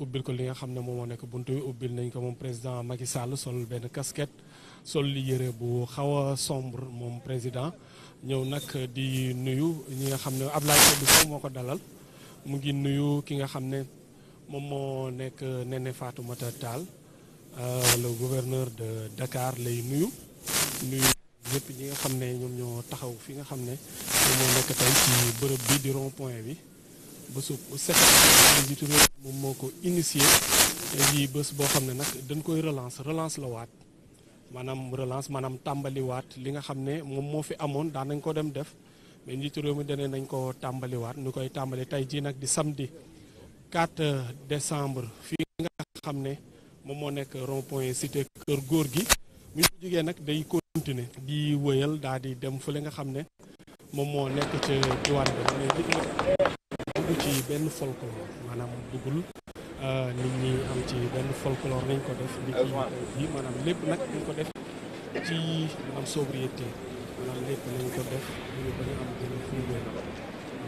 ubbil ko li nga xam ne moom moo nekk bunt bi ubbil nañ ko moom président Macky Sall sol benn kasket sol li yëre bu xaw a sombre moom président ñëw nag di nuyu ñi nga xam ne Ablaye Seydou Sow moo ko dalal mu ngi nuyu ki nga xam ne moom moo nekk Néné Fatoumata Tall euh, le gouverneur de Dakar lay nuyu nuyu ñëpp ñi nga xam ne ñoom ñoo taxaw fi nga xam ne moom moo nekk tey ci bërëb bi di rond point bi bésu secrétaire bi jiitu moom moo ko initié yi bés boo xam ne nag dañ koy relance relance la waat maanaam relance maanaam tàmbaliwaat li nga xam ne moom moo fi amoon daan nañ ko dem def mais njiitu réew mi danee nañ ko tàmbaliwaat ñu koy tàmbali tey jii nag di samedi 4 décembre fii nga xam ne moom moo nekk rond point cité kër góor gi mu ñu nag day continuer di wëyal daal di dem fële nga xam ne moom moo dugg ci benn folklore maanaam duggul euh, nit ñi am ci benn folklore nañ ko def nit ñi maanaam lépp nag dañ ko def ci am sobriété maanaam lépp nañ ko def ñu bañ a am benn fuume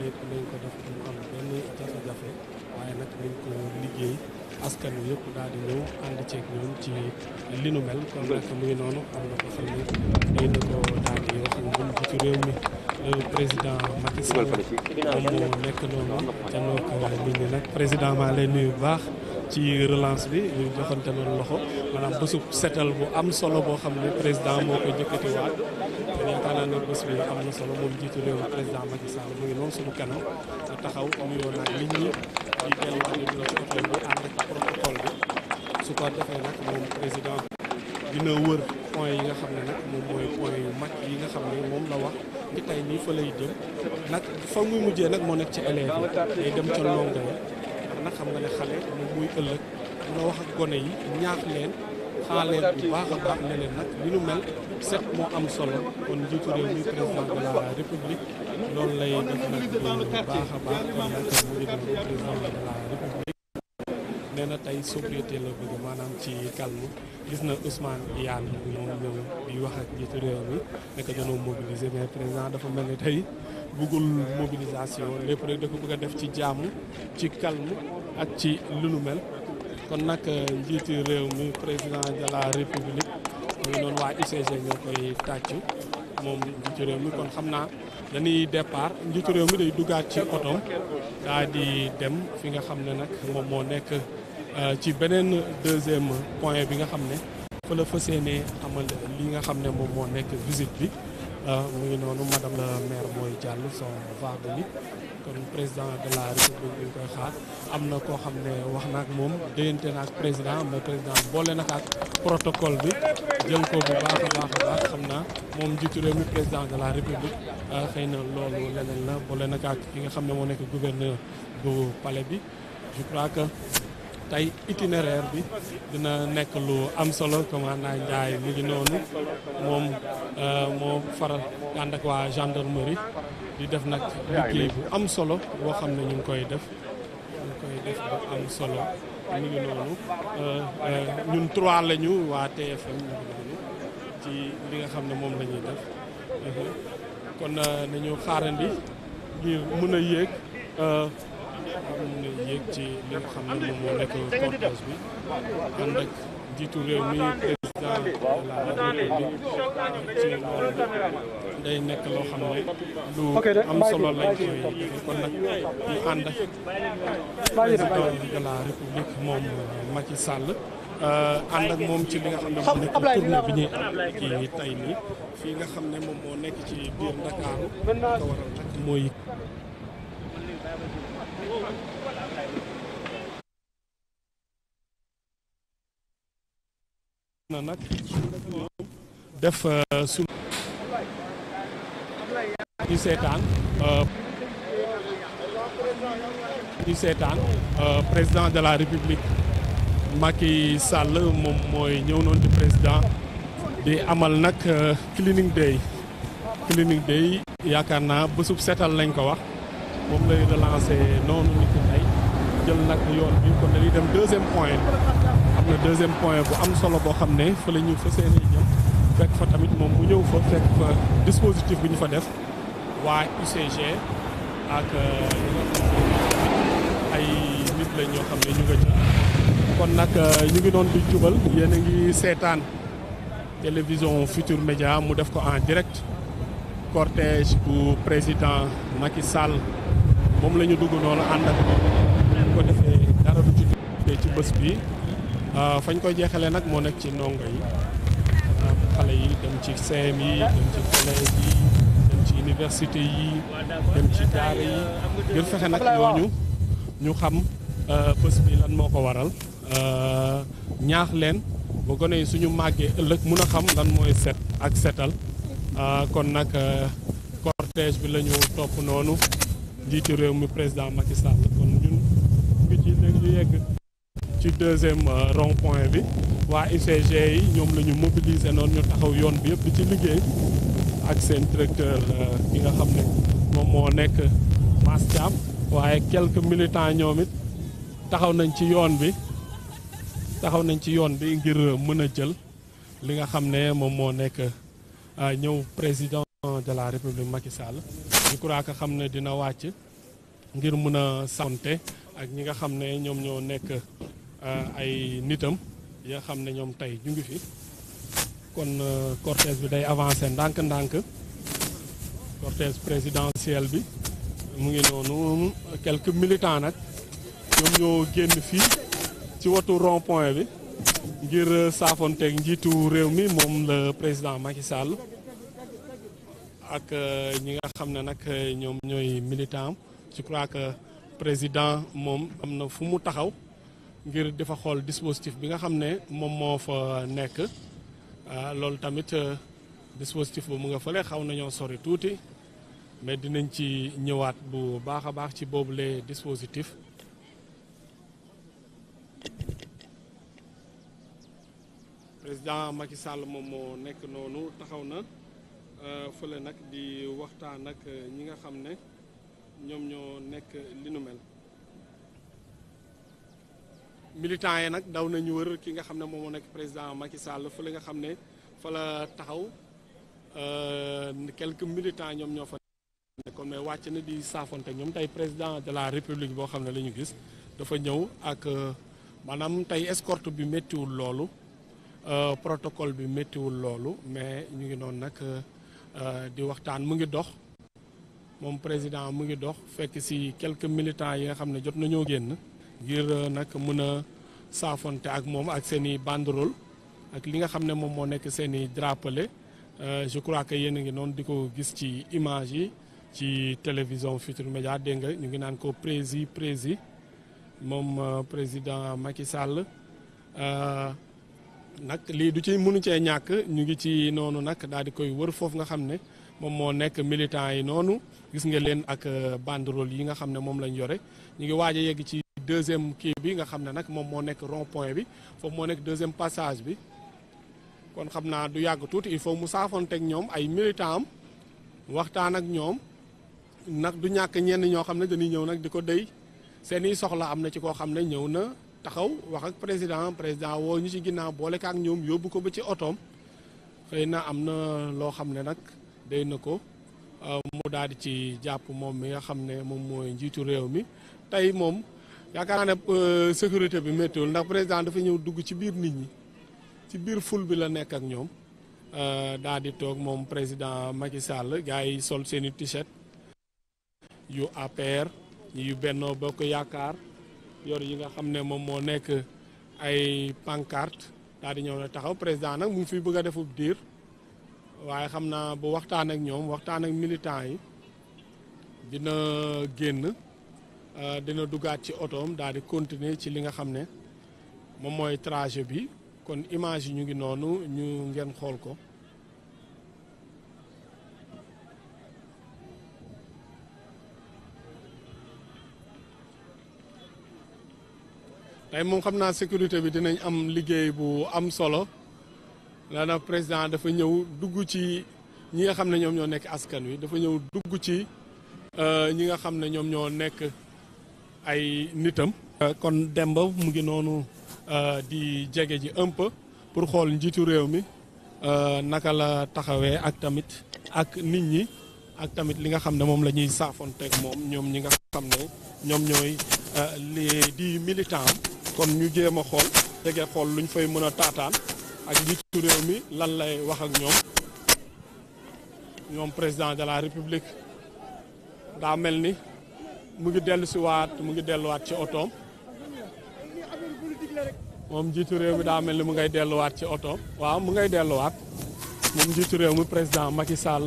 lépp nañ ko def ñu am benn jafe-jafe waaye nag nañ ko liggéey askan wi yëpp daal di ñëw ànd ñoom ci li nu mel kon nag muy noonu am na ko xam ne day na ko daal wax mu jëm ci réew mi le euh, président Macky Sall moom mu nekk noonu te noo ko nit ñi nag président maa lay nuyu baax. ci relance bi ñu joxante noonu loxo maanaam bésub setal bu am solo boo xam ne président moo ko jëkkati waat te yaakaar naa bés bi am na solo moom jiitu réew mi président Macky Sall mu ngi suñu kanam nga taxaw nuyoo naag nit ñi di delluwaat ñu dina ci bi ànd ak protocole wër point yi nga xam ne nag moom mooy point yu mag yi nga xam ne moom la wax ngi tey nii fa lay jëm nag fa muy mujjee nag moo nekk ci élèves yi day dem ca ndongo te nag xam nga ne xale moom muy ëllëg dina wax ak gone yi ñaax leen xaaleen bu baax a baax ne leen nag li nu mel set moo am solo kon njiitu réew mi président de la république loolu lay def nag bu baax a baax kon yaakaar mu ngi président de la république nee na tey sobriété la bëgg maanaam ci calme gis na Ousmane Iyane moom ñëw wax ak njiitu réew mi nekk dañoo mobiliser mais président dafa mel ni tey bëggul mobilisation lépp rek da def ci jàmm ci calme ak ci lu nu kon nag euh, njiitu réew mi président de république mu ngi noonu waa UCG ñoo koy tàccu moom njiitu réew mi kon xam naa dañuy départ njiitu réew mi day duggaat ci oto daa di dem fi nga xam ne nag moom moo nekk Euh, ci beneen deuxième point bi nga xam ne fa la fas yéenee amal li nga xam ne moom moo nekk visite bi euh, mu ngi noonu madame la maire mooy jàll son vague bi kon président de la république bi ñu xaar am na koo xam ne wax na ak moom déyante na ak président mais président boole na ak protocole bi jël ko bu baax a baax xam naa moom njiitu réew mi président de la république euh, xëy na loolu leneen la boole na ak ki nga xam ne moo nekk gouverneur bu palais bi je crois tey itinéraire bi dina nekk lu am solo commandant Ndiaye mu ngi noonu moom euh, moo faral ànd ak waa gendarmerie di def nag liggéey bu am solo boo xam ne ñu koy def ñu ngi koy def am solo mu ngi noonu euh, euh, ñun trois lañu waa TFM ci li nga xam ne moom la ñuy def kon nañu xaarandi ngir mën a yéeg ci li nga xam moom moo nekk cortège bi ànd ak jiitu réew nekk loo xam solo la république moom Macky euh, ànd moom ci li nga xam ne moom fii nga moom moo nekk ci biir Ndakaaru nga waral na nag def euh, su ñu seetaan euh, ñu seetaan euh, président de la république Macky Sall moom mooy ñëw noonu di président di amal nag cleaning day cleaning day yaakaar naa bésub setal lañ ko wax moom lay relancer noonu ñu jël nag yoon bi kon dañuy dem deuxième point am na deuxième point bu am solo boo xam ne fa la ñu fa seen jëm fekk fa tamit moom mu ñëw fa fekk fa dispositif bi ñu fa def waa UCG ak euh, ay nit la ñoo xam ne ñu nga jël kon nag euh, ñu ngi doon di jubal yéen a ngi seetaan télévision future Média mu def ko en direct cortège bu président Macky Sall moom la ñu dugg noonu ànd ak ko defee ci dee ci bés bi ah, fañ koy jeexalee nag moo nekk ci ndongo yi xale yi dem ci CM yi dem ci collège yi dem ci université yi dem ci daara yi ngir fexe nag ñooñu ñu xam ah, bés bi lan moo ko waral ah, ñaax leen ba gone yi suñu màggee ëllëg mun a xam lan mooy set ak setal kon nag cortège bi la ñu topp noonu njiitu réew mi président Macky Sall kon ci deuxième euh, rond point bi waa UCG yi ñoom la ñu mobiliser noonu ñu taxaw yoon bi yëpp di ci liggéey ak seen directeur euh, bi nga xam ne moom moo nekk Mass Thiam waaye quelques militants ñoom taxaw nañ ci yoon bi taxaw nañ ci yoon bi ngir euh, mën a jël li nga xam ne moom moo nekk ñëw président de la république Macky Sall xam ne dina wàcc ngir mën a sante ak ñi nga xam ne ñoom ñoo nekk euh, ay nitam yi nga xam ne ñoom tey ñu ngi fi kon euh, cortège bi day avancé ndànk-ndànk cortège présidentiel bi mu ngi noonu quelques militants nag ñoom ñoo génn fii ci watu rond point bi ngir euh, saafonteeg njiitu réew mi moom le président Macky Sall ak ñi nga xam ne nag ñoom ñooy militant je crois que président moom am na fu mu taxaw ngir dafa xool dispositif bi nga xam ne moom moo fa nekk ah, loolu tamit euh, dispositif bu mu nga fële xaw nañoo sori tuuti mais dinañ ci ñëwaat bu baax a baax ci boobule dispositif président Macky Sall moom moo nekk noonu taxaw na euh, fële nag di waxtaan nag euh, ñi nga xam ne ñoom ñoo nekk li nu mel militants yi nag daw nañu wër ki nga xam ne moom moo nekk président Macky Sall fa la nga xam ne fa la taxaw euh, quelque militants ñoom ñoo fa nekkoon mais wàcc na di saafonte ñoom tey président de la république boo xam ne la gis dafa ñëw ak euh, maanaam tey escorte bi méttiwul loolu euh, protocole bi méttiwul loolu mais ñu ngi noonu nag di waxtaan mu ngi dox moom président mu ngi dox fekk si quelque militants yi nga xam ne jot nañoo génn ngir euh, nag mën a saafonte ak moom ak seen i banderole ak li nga xam ne moom moo nekk seen i drapelé euh, je crois que yéen a ngi noonu di ko gis ci image yi ci télévision Futurs Médias dégg nga ñu ngi naan ko prési prési moom euh, président Macky Sall nag lii du ci mënu cee ñàkk ñu ngi ci noonu nag daal di koy wër foofu nga xam ne moom moo nekk militant yi noonu gis nga leen ak euh, banderole yi nga xam ne moom lañ yore ñu ngi waaj a yegg ci deuxième kii bi nga xam ne nag moom moo nekk rond point bi foofu moo nekk deuxième passage bi kon xam naa du yàgg tuuti il faut mu saafoonteeg ñoom ay militant waxtaan ak ñoom nag du ñàkk ñenn ñoo xam ne dañuy ñëw nag di ko déy seeni soxla am na ci koo xam ne ñëw na taxaw wax ak président président woo ñu ci ginnaaw boole ak ñoom yóbbu ko ba ci otoom xëy na am na loo xam ne nag. day na ko euh, mu daal di ci jàpp moom mi nga xam ne moom mooy njiitu réew mi tey moom yaakaar naa ne euh, sécurité bi méttiwul ndax président dafa ñëw dugg ci biir nit ñi ci biir ful bi la nekk ak ñoom euh, daal di toog moom président Macky Sall yi sol seen i t-shirt yu APR yu Benno Bokk Yaakaar yor yi nga xam ne moom moo nekk ay pancarte daal di ñëw na taxaw président nag mu ngi fiy bëgg a defub diir waaye xam naa bu waxtaan ak ñoom waxtaan ak militant yi dina génn euh, dina dugaat ci otoom daal di continuer ci li nga xam ne moom mooy trajet bi kon image yi ñu ngi noonu ñu ngeen xool ko tey moom xam naa sécurité bi dinañ am liggéey bu am solo lana président dafa ñëw dugg ci ñi nga xam ne ñoom ñoo nekk askan wi dafa ñëw dugg ci euh, ñi nga xam ne ñoom ñoo nekk ay nitam. Euh, kon Demba mu ngi noonu euh, di jege ji ëmpa pour xool njiitu réew mi naka la taxawee ak tamit ak nit ñi ak tamit li nga xam ne moom la ñuy saafonteeg moom ñoom ñi nga xam ne ñoom ñooy li di militant kon ñu jéem a xool jege xool luñ fay mën a taataan. ak njiitu réew mi lan lay wax ak ñoom ñoom président de la république daa mel ni mu ngi dellu waat mu ngi delluwaat ci otoom moom njiitu réew mi daa mel ni mu ngay delluwaat ci otoom waaw mu ngay delluwaat moom njiitu réew mi président Macky Sall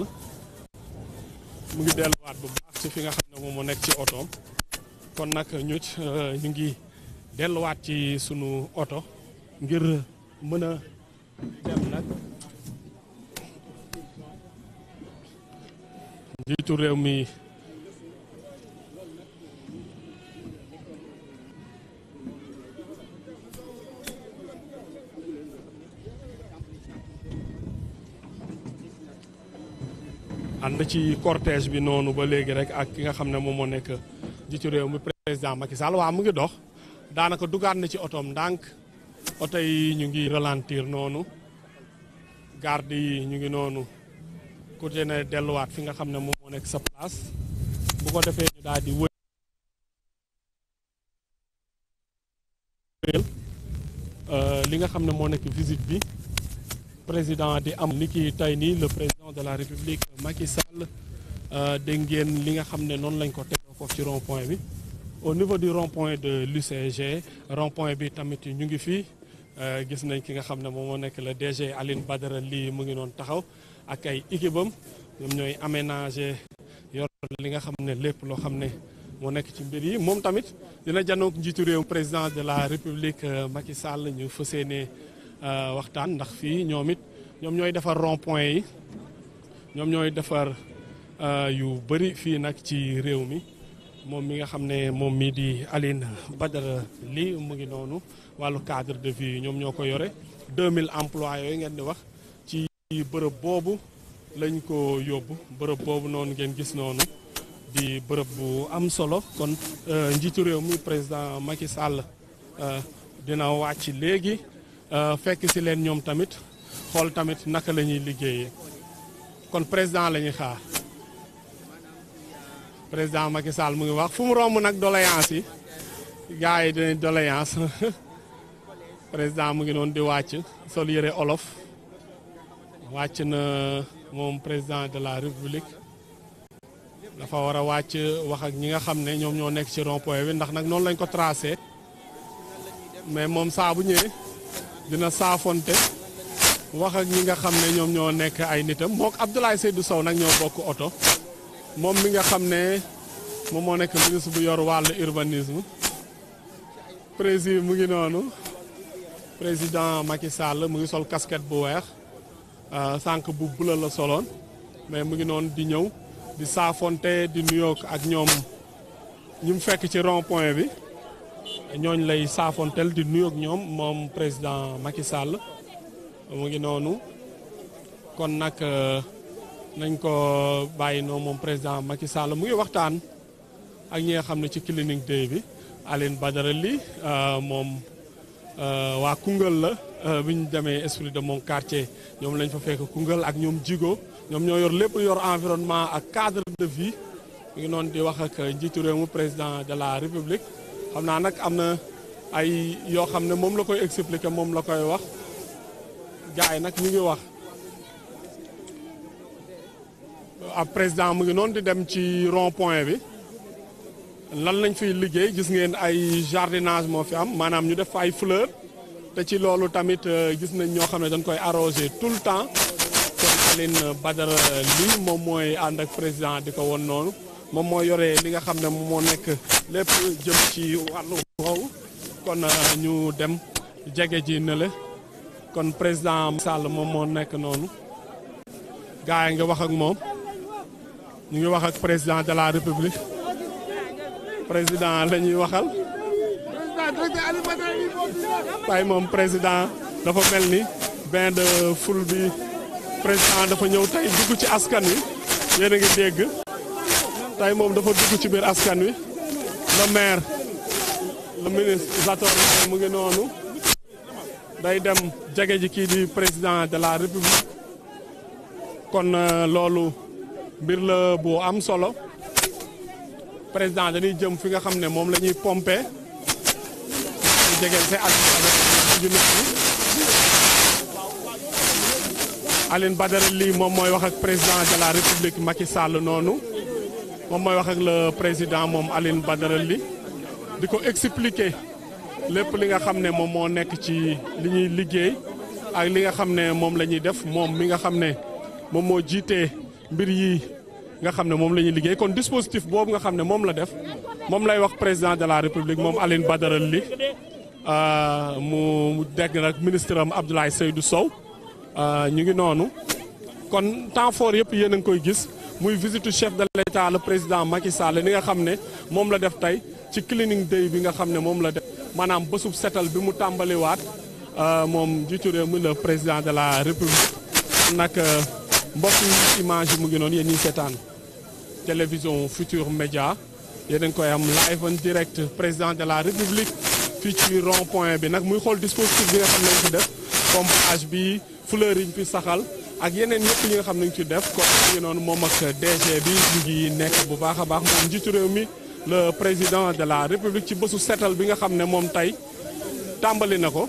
mu ngi delluwaat bu baax ci fi nga xam ne moom mu nekk ci otoom kon nag ñu euh, ñu ngi delluwaat ci sunu oto ngir mën a dem njiitu réew mi ànd ci cortège bi noonu ba léegi rek ak ki nga xam ne moom moo nekk njiitu réew mi président Macky Sall waa mu ngi dox daanaka dugaat na ci otoom ndànk oto yi ñu ngi ralentir noonu garde yi ñu ngi noonu ku ne delluwaat fi nga xam ne moom moo nekk sa place bu ko defee ñu daal di wëyal euh, li nga xam ne moo nekk visite bi président di am ni ki tey nii le président de la république Macky Sall euh, dégg ngeen li nga xam ne noonu lañ ko tegoo foofu ci rond bi au niveau du rond de l'UCG rond-point bi tamit ñu ngi fii euh, gis nañ ki nga xam ne moom moo nekk le DG Aline Badara lii mu ngi noonu taxaw ak ay équipe am ñoom ñooy aménager yor li nga xam ne lépp loo xam ne moo nekk ci mbir yi moom tamit dina janook njiitu réew président de la République euh, Macky Sall ñu fas yéene euh, waxtaan ndax fii ñoom it ñoom ñooy defar rond yi ñoom ñooy defar yu bëri fii nag ci réew mi moom mi nga xam ne moom mii di Aline Badara lii mu ngi noonu wàllu cadre de vie yi ñoom ñoo ko yore mille emplois yooyu ngeen di wax ci bërëb boobu lañ ko yóbbu bërëb boobu noonu ngeen gis noonu di bërëb bu am solo kon euh, njiitu réew mi président Macky Sall euh, dina wàcc léegi euh, fekk si leen ñoom tamit xool tamit naka la ñuy liggéeyee kon président la ñuy xaar. président Macky Sall mu ngi wax fu mu romb nag doléance yi gars yi dinañ doléance président mu ngi noonu di wàcc sol yére olof wàcc na moom président de la république dafa war a wàcc wax ak ñi nga xam ne ñoom ñoo nekk ci rond point bi ndax nag noonu lañ ko trase mais moom saabu bu dina saafonte wax ak ñi nga xam ne ñoom ñoo nekk ay nitam mook Abdoulaye Seydou Sow nag ñoo bokk oto moom mi nga xam ne moom moo nekk ministre bu yor wàllu urbanisme président mu ngi noonu président Macky mu ngi sol casquette bu weex euh, sànq bu bula la soloon mais mu ngi noonu di ñëw di saafonte di nuyoog ak ñoom ñu fekk ci rond point bi ñooñ lay saafontel di nuyoog ñoom moom président Macky Sall mu ngi noonu kon nag. Euh, nañ ko bàyyi noo moom président Macky Sall mu ngi waxtaan ak ñi nga xam ne ci clinique day bi Aline Badara Ly euh, moom euh, waa Koungheul la euh, bi ñu demee esprit de mon quartier ñoom lañ fa fekk Koungheul ak ñoom jigo ñoom ñoo yor lépp yor environnement ak cadre de vie mu ngi noonu di wax ak njiitu réew président de la république xam naa nag am na ay yoo xam ne moom la koy expliquer moom la koy wax gars yi nag ñu ngi wax. ab président mu ngi noonu di dem ci ron point bi lan lañ fiy liggéey gis ngeen ay jardinage moo fi am maanaam ñu def ay fleur te ci loolu tamit euh, gis nañ ñoo xam ne dañ koy arrosé tout le temps kon Alioune Badara lii moom mooy ànd ak président di ko woon noonu moom moo yore li nga xam ne moo nekk lépp jëm ci wàllu wow kon euh, ñu dem jege ji ne le kon président Sall moom moo nekk noonu gaa yi nga wax ak moom. ñu ngi wax ak président de la république président lañuy ñuy waxal waaye moom président dafa mel ni bain de foule bi président dafa ñëw tey dugg ci askan wi yéen a ngi dégg tey moom dafa dugg ci biir askan wi le maire le ministre Zator mu ngi noonu day dem jege ji kii di président de la république kon euh, loolu mbir la bu am solo président dañuy jëm fi nga xam ne moom la ñuy pompé ñu jegente ak ju Aline lii moom mooy wax ak président de la république Macky Sall noonu moom mooy wax la le président moom alin Badara li di ko explike lépp li nga xam ne moom moo nekk ci li ñuy liggéey ak li nga xam ne moom lañuy def moom mi nga xam ne moom moo jiitee mbir yi nga xam ne moom la ñuy liggéey kon dispositif boobu nga xam ne moom la def moom lay wax président de la république moom Aline Badara Ly euh, mu dégg nag ministre am Abdoulaye Seydou Sow euh, ñu ngi noonu kon temps fort yëpp yéen a ngi koy gis muy visite chef de l' état le président Macky Sall li nga xam ne moom la def tey ci cleaning day bi nga xam ne moom la def maanaam bésub setal bi mu tàmbaliwaat euh, moom jiitu réew mi président de la république nag. mbokk yi image yi mu ngi noonu yéen seetaan télévision Futur Média yéen a ngi am live en direct président de la république fii ci rond point bi nag muy xool dispositif bi nga xam ne ñu ci def pompage bi fleur yi ñu fi saxal ak yeneen yëpp yi nga xam ne ñu ci def kon mu ngi noonu moom ak DG bi ñu ngi nekk bu baax a baax moom njiitu réew mi le président de la république ci bésu seetal bi nga xam ne moom tey tàmbali na ko.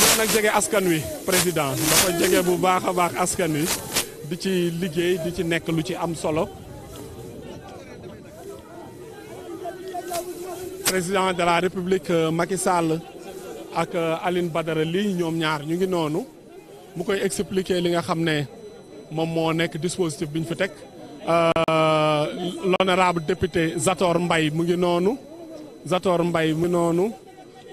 moom nag jege askan wi président dafa jege bu baax a baax askan wi di ci liggéey di ci nekk lu ci am solo président de la république euh, Macky Sall ak euh, Aline Badara li ñoom ñaar ñu ngi noonu mu koy expliquer li nga xam ne moom moo nekk dispositif bi ñu fi teg euh, l'honorable député sator mbay mu ngi noonu sator Mbaye mu noonu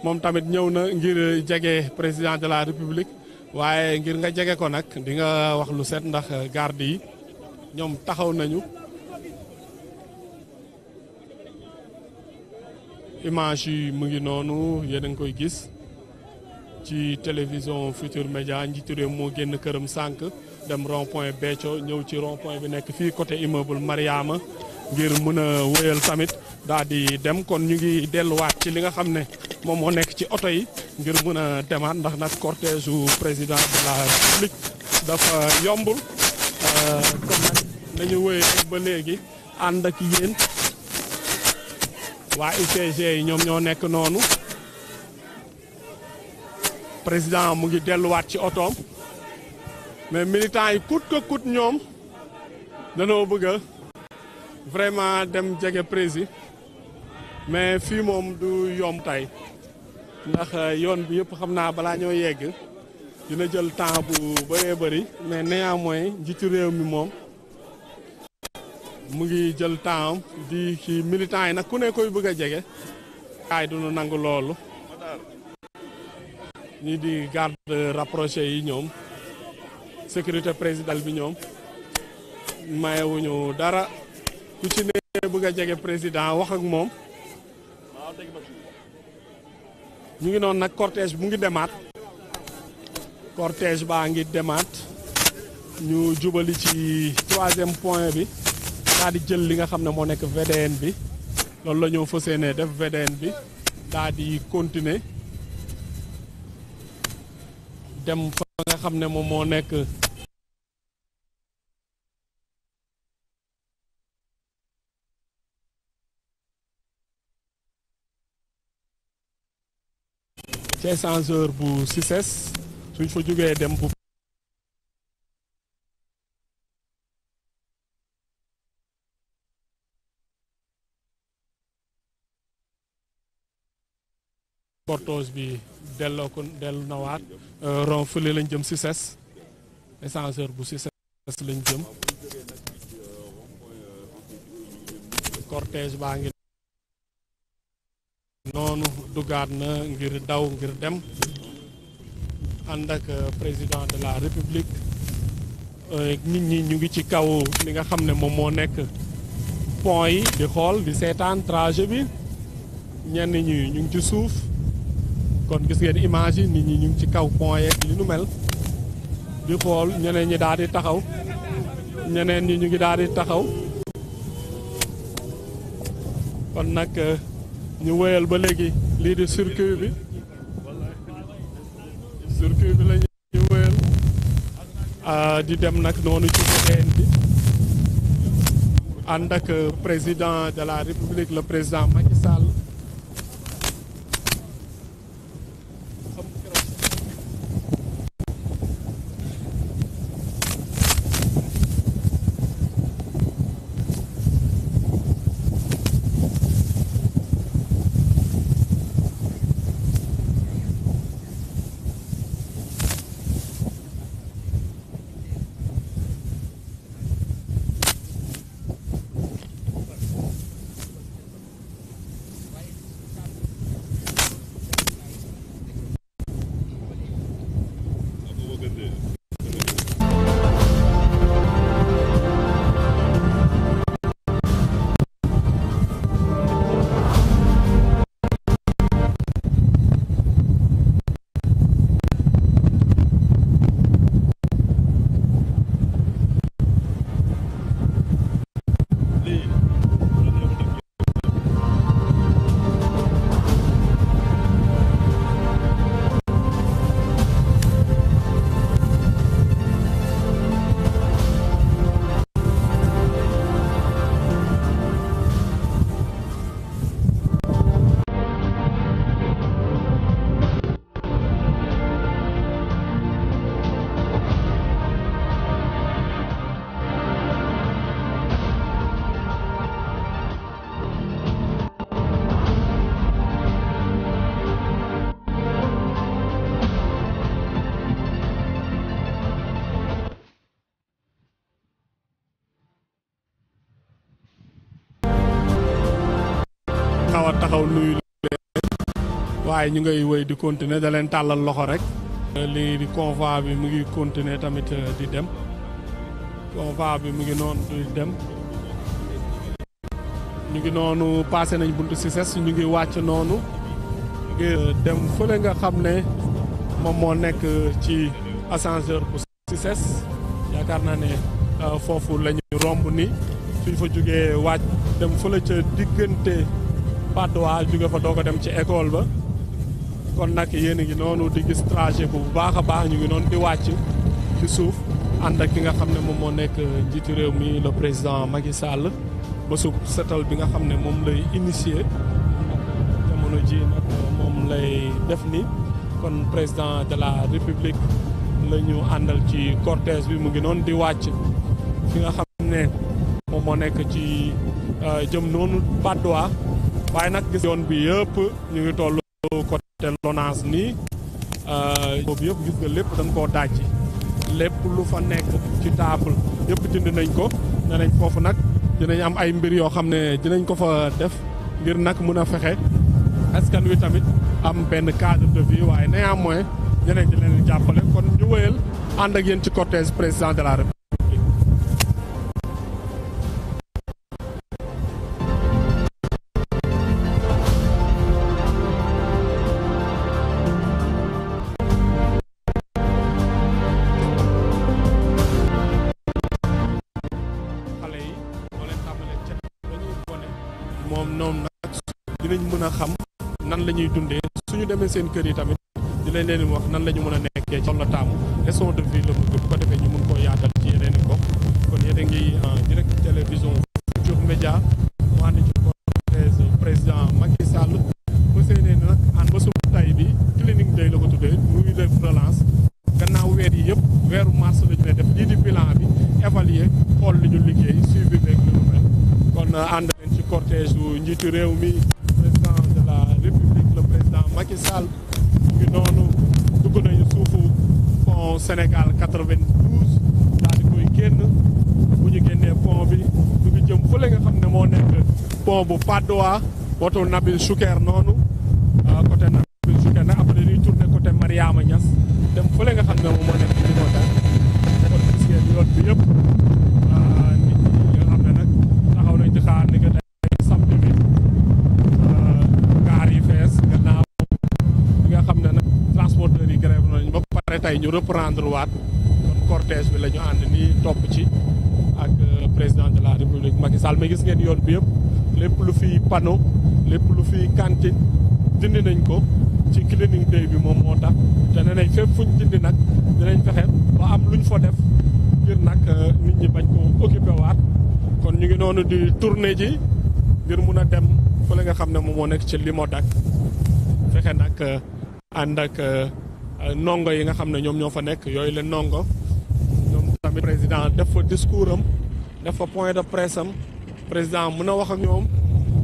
moom tamit ñëw na ngir jege président de la république waaye ngir nga jege ko nag di nga wax lu set ndax garde yi ñoom taxaw nañu image yi mu ngi noonu yéen a koy gis ci télévision Futur Média njiitu réew moo génn këram sànq dem ronpoint point ñëw ci rond bi nekk fii côté immeuble Mariama ngir mën a wéyal tamit daal di dem kon ñu ngi delluwaat ci li nga xam ne moom moo nekk ci oto yi ngir mën a demaat ndax nag cortège u président de la république dafa yombul euh, kon nag dañu wéy ba léegi ànd ak yéen waa UCG yi ñoom ñoo nekk noonu président mu ngi delluwaat ci otoom mais militants yi coûte que coûte ñoom danoo bëgg vraiment dem jege prési mais fii moom du yomb tey ndax yoon bi yëpp xam naa balaa ñoo yegg dina jël temps bu bëree bëri mais néanmoins njiitu réew mi moom mu ngi jël temps di ci militant yi nag ku ne koy bëgg a jege kaay duñu nangu loolu ñii di garde rapproché yi ñoom sécurité présidentielle bi ñoom mayewuñu dara ku ci ne bëgg a jege président wax ak moom mu ngi noon nag cortège bu ngi demaat cortège baa ngi demaat ñu jubali ci troisième point bi daal di jël li nga xam ne moo nekk VDN bi loolu la ñoo fas yéene def VDN bi daal di continuer dem fa nga xam ne moom moo nekk ci échangeur bu Cissés suñ fa jógee dem bu portage bi delloo ko dellu nawaat euh, rond lañ jëm Cissés échangeur bu Cissés lañ jëm cortège baa ngi noonu dugaat na ngir daw ngir dem ànd ak euh, président de la république euh, nit ñi ñu ngi ci kaw li nga xam ne moom moo nekk pont yi di xool di seetaan trajet bi ñenn ñi ñu ngi ci suuf kon gis ngeen image yi nit ñi ñu ngi ci kaw pont yeeg li nu mel di xool ñeneen ñi daal di taxaw ñeneen ñi ñu ngi daal di taxaw kon nag euh, ñu woyal ba léegi lii de circuit bi circuit bi la ñuy ah, di dem nag noonu ci VDN bi ànd ak président de la république le président Macky Sall nuyu leen waaye ñu ngay wéy di continuer da leen tàllal loxo rek lii di convoi bi mu ngi continuer tamit euh, di dem convoi bi mu ngi noonu di dem ñu ngi noonu passé nañ buntu Cissesse ñu ngi wàcc noonu ngir euh, dem fële nga xam ne moom moo nekk ci ascenseur bu Cissesse yaakaar naa ne euh, la ñu ni suñ fa jógee wàcc dem fële ca diggante Padois jóge fa doog ko dem ci école ba kon nag yéen a ngi noonu di gis trajet bu baax a baax ñu ngi noonu di wàcc ci suuf ànd ak ki nga xam ne moom moo nekk njiitu réew mi le président Macky Sall bésub setal bi nga xam ne moom lay initier jamono ji nag moom lay def ni kon président de la république la àndal ci cortège bi mu ngi noonu di wàcc fi nga xam ne moom moo nekk ci euh, jëm noonu Padois. waaye nag gis yoon bi yëpp ñu ngi toll côté Lonase nii euh, boobu yëpp gis nga lépp dañ koo dajji lépp lu fa nekk ci table yëpp jënd nañ ko ne nañ foofu nag dinañ am ay mbir yoo xam ne dinañ ko fa def ngir nag mën a fexe askan wi tamit am benn cadre de vie waaye mooy ñeneen di leen jàppale kon ñu wëyal ànd ak yéen ci cortège président de la République seen kër yi tamit dinañ leen wax nan la mën a nekkee ci la taamu leçon de vie la bëgg bu ko defee ñu mun koo yaatal ci yeneen i gox kon yéen a ngi euh, direct télévision Futurs Médias mu ànd ci cortège président Macky Sall ba see nee nag ba suñu bi clinique day la ko tuddee muy def relance gannaaw weer yi yëpp weeru mars la ñu ne def lii di bi évaluer xool li ñu liggéey suivi beeg li mu mel kon euh, ànd leen ci cortège njiitu réew mi Patte d'Oie woto Nabil Choucair noonu ah, côté Nabil Choucair nag après dañuy tourné côté Mariama Niass dem fële nga xam ne moom moo nekk ci moo tax kon gis ngeen yoon bi ah, xam ne nag taxaw nañ xaar ni que tey samedi bi ah, gaar yi fees gannaaw bi nga xam ne nag transporteurs yi grève nañ ba pare tey ñu reprendre waat kon cortège bi la ñu ànd nii topp ci ak euh, président de la république Macky Sall mais gis ngeen yoon bi yëpp lépp lu fi panneau lépp lu fi cantine dindi nañ ko ci cleaning day bi moom moo tax te ne nañ fépp fuñ nag dinañ fexe ba am luñ fa def ngir nag euh, nit ñi bañ ko occupé kon ñu ngi noonu di tournée ji ngir mun a dem la nga xam ne moom moo nekk ci Limodak fexe nag euh, ànd ak euh, ndongo yi nga xam ne ñoom ñoo fa nekk yooyu leen ndongo ñoom tamit président def fa discours am def fa point de presse am président mën a wax ak ñoom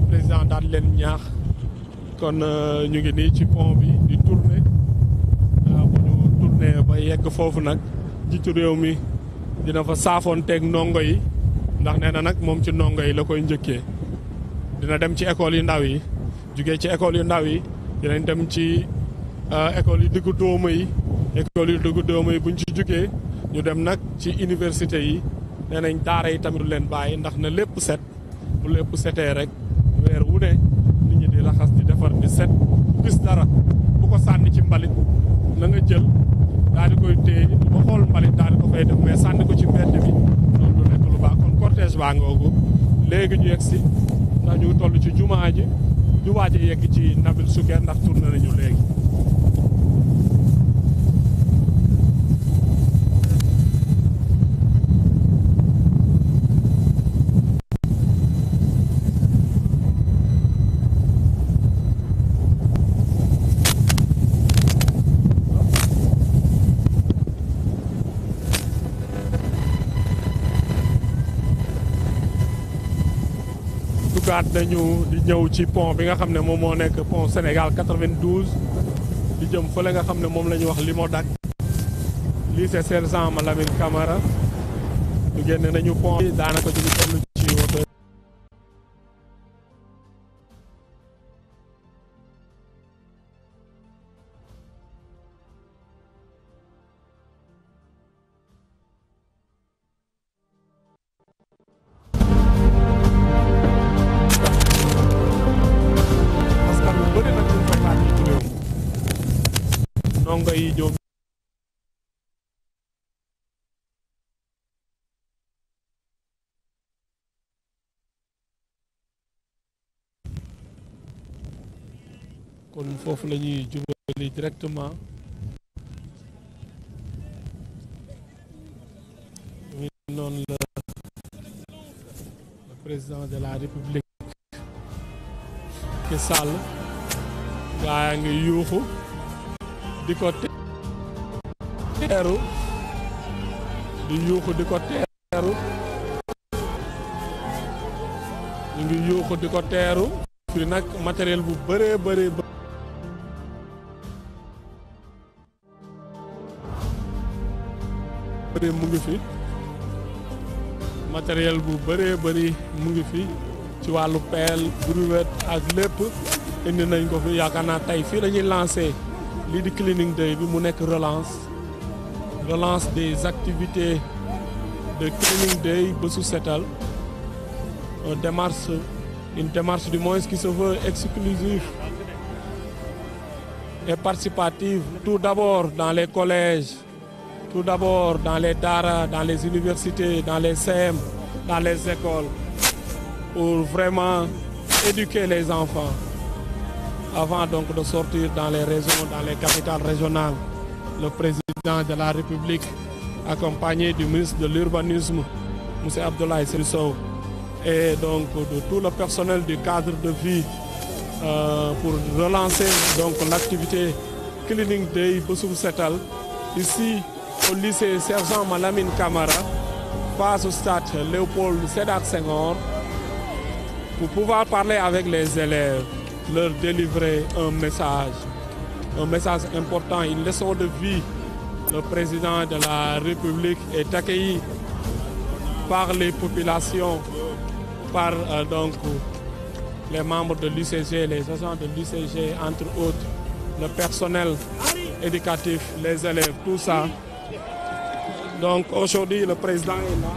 président daal leen ñaax kon euh, ñu ngi nii ci pont bi di tourner bu ñu tourner ba yegg foofu nag jiitu réew mi dina fa saafoon teg ndongo yi ndax nee na nag moom ci ndongo yi la koy njëkkee dina dem ci école yu ndaw yi jugee ci école yu ndaw yi dinañ dem ci euh, école yu diggu dóoma yi école yu diggu dóoma yi buñ ci jugee ñu dem nag ci université yi nee nañ daara yi tamit leen bàyyi ndax na lépp set bu lépp setee rek weer wu ne nit ñi di laxas di defar ni set bu gis dara bu ko sànni ci mbalit na nga jël daal di koy téye ko xool mbalit daal di ko fay def mais sànni ko ci mbedd bi loolu du nekk lu baax kon cortège baa ngoogu léegi ñu yegg si ndax ñu toll ci jumaa ji jumaa ji yegg ci Nabil Choucair ndax tourné nañu léegi dikkaat nañu di ñëw ci pont bi nga xam ne moom moo nekk pont Sénégal 92 di jëm fële nga xam ne moom la ñuy wax Limodak lycée Sergent Malamine Camara ñu génn nañu pont bi daanaka ci lu kon foofu la ñuy jubali directement mi noonu la président de la république ki sàll gaa ngi yuuxu di ko teeru di yuuxu di ko teeru ñu ngi yuuxu di ko teeru fi nag matériel bu bëree bëree bëri mu ngi fi matériel bu bëree bëri mu ngi fi ci wàllu peel brouette ak lépp indi nañ ko fi yaakaar naa tey fii la ñuy lancé lii di cleaning day bi mu nekk relance relance des activités de cleaning day bésu setal une démarche une démarche du moins qui se tout d'abord dans les collèges tout d'abord dans les daara dans les universités dans les CM dans les écoles pour vraiment éduquer les enfants avant donc de sortir dans les régions dans les capitales régionales le président de la République accompagné du ministre de l'urbanisme monsieur Abdoulaye Seydou et donc de tout le personnel du cadre de vie euh, pour relancer donc l'activité Cleaning Day Bessup Setal ici au lycée Sergent Malamine Camara, passe au stade Léopold Sédar Senghor, pour pouvoir parler avec les élèves, leur délivrer un message, un message important, une leçon de vie. Le président de la République est accueilli par les populations, par euh, donc les membres de l'UCG, les agents de l'UCG, entre autres, le personnel éducatif, les élèves, tout ça. donc aujourd'hui le président est là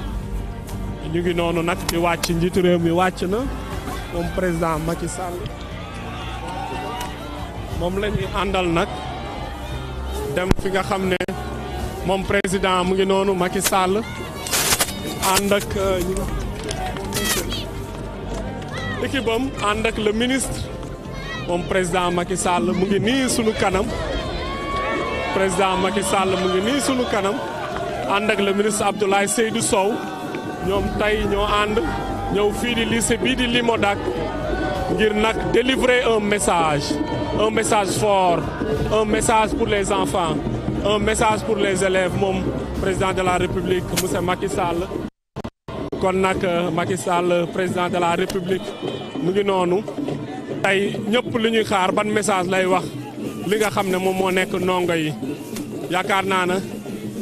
ñu ngi noonu nag di wàcc njiitu réew mi wàcc na moom président Macky Sall moom la ñuy àndal nag dem fi nga xam ne moom président mu ngi noonu Macky Sall ànd ak euh, ñi nga équipe am ànd ak le ministre moom président Macky Sall mu ngi nii sunu kanam président Macky Sall mu ngi nii sunu kanam. ànd ak le ministre Abdoulaye Seydou Sow ñoom tey ñoo ànd ñëw fii di lycée bii di Limodak ngir nag délivrer un message un message fort un message pour les enfants un message pour les élèves moom président de la république monsieur Macky Sall. kon nag euh, Macky président de la république mu ngi noonu tey ñëpp li ñuy xaar ban message lay wax li nga xam ne moom moo nekk ndongo yi yaakaar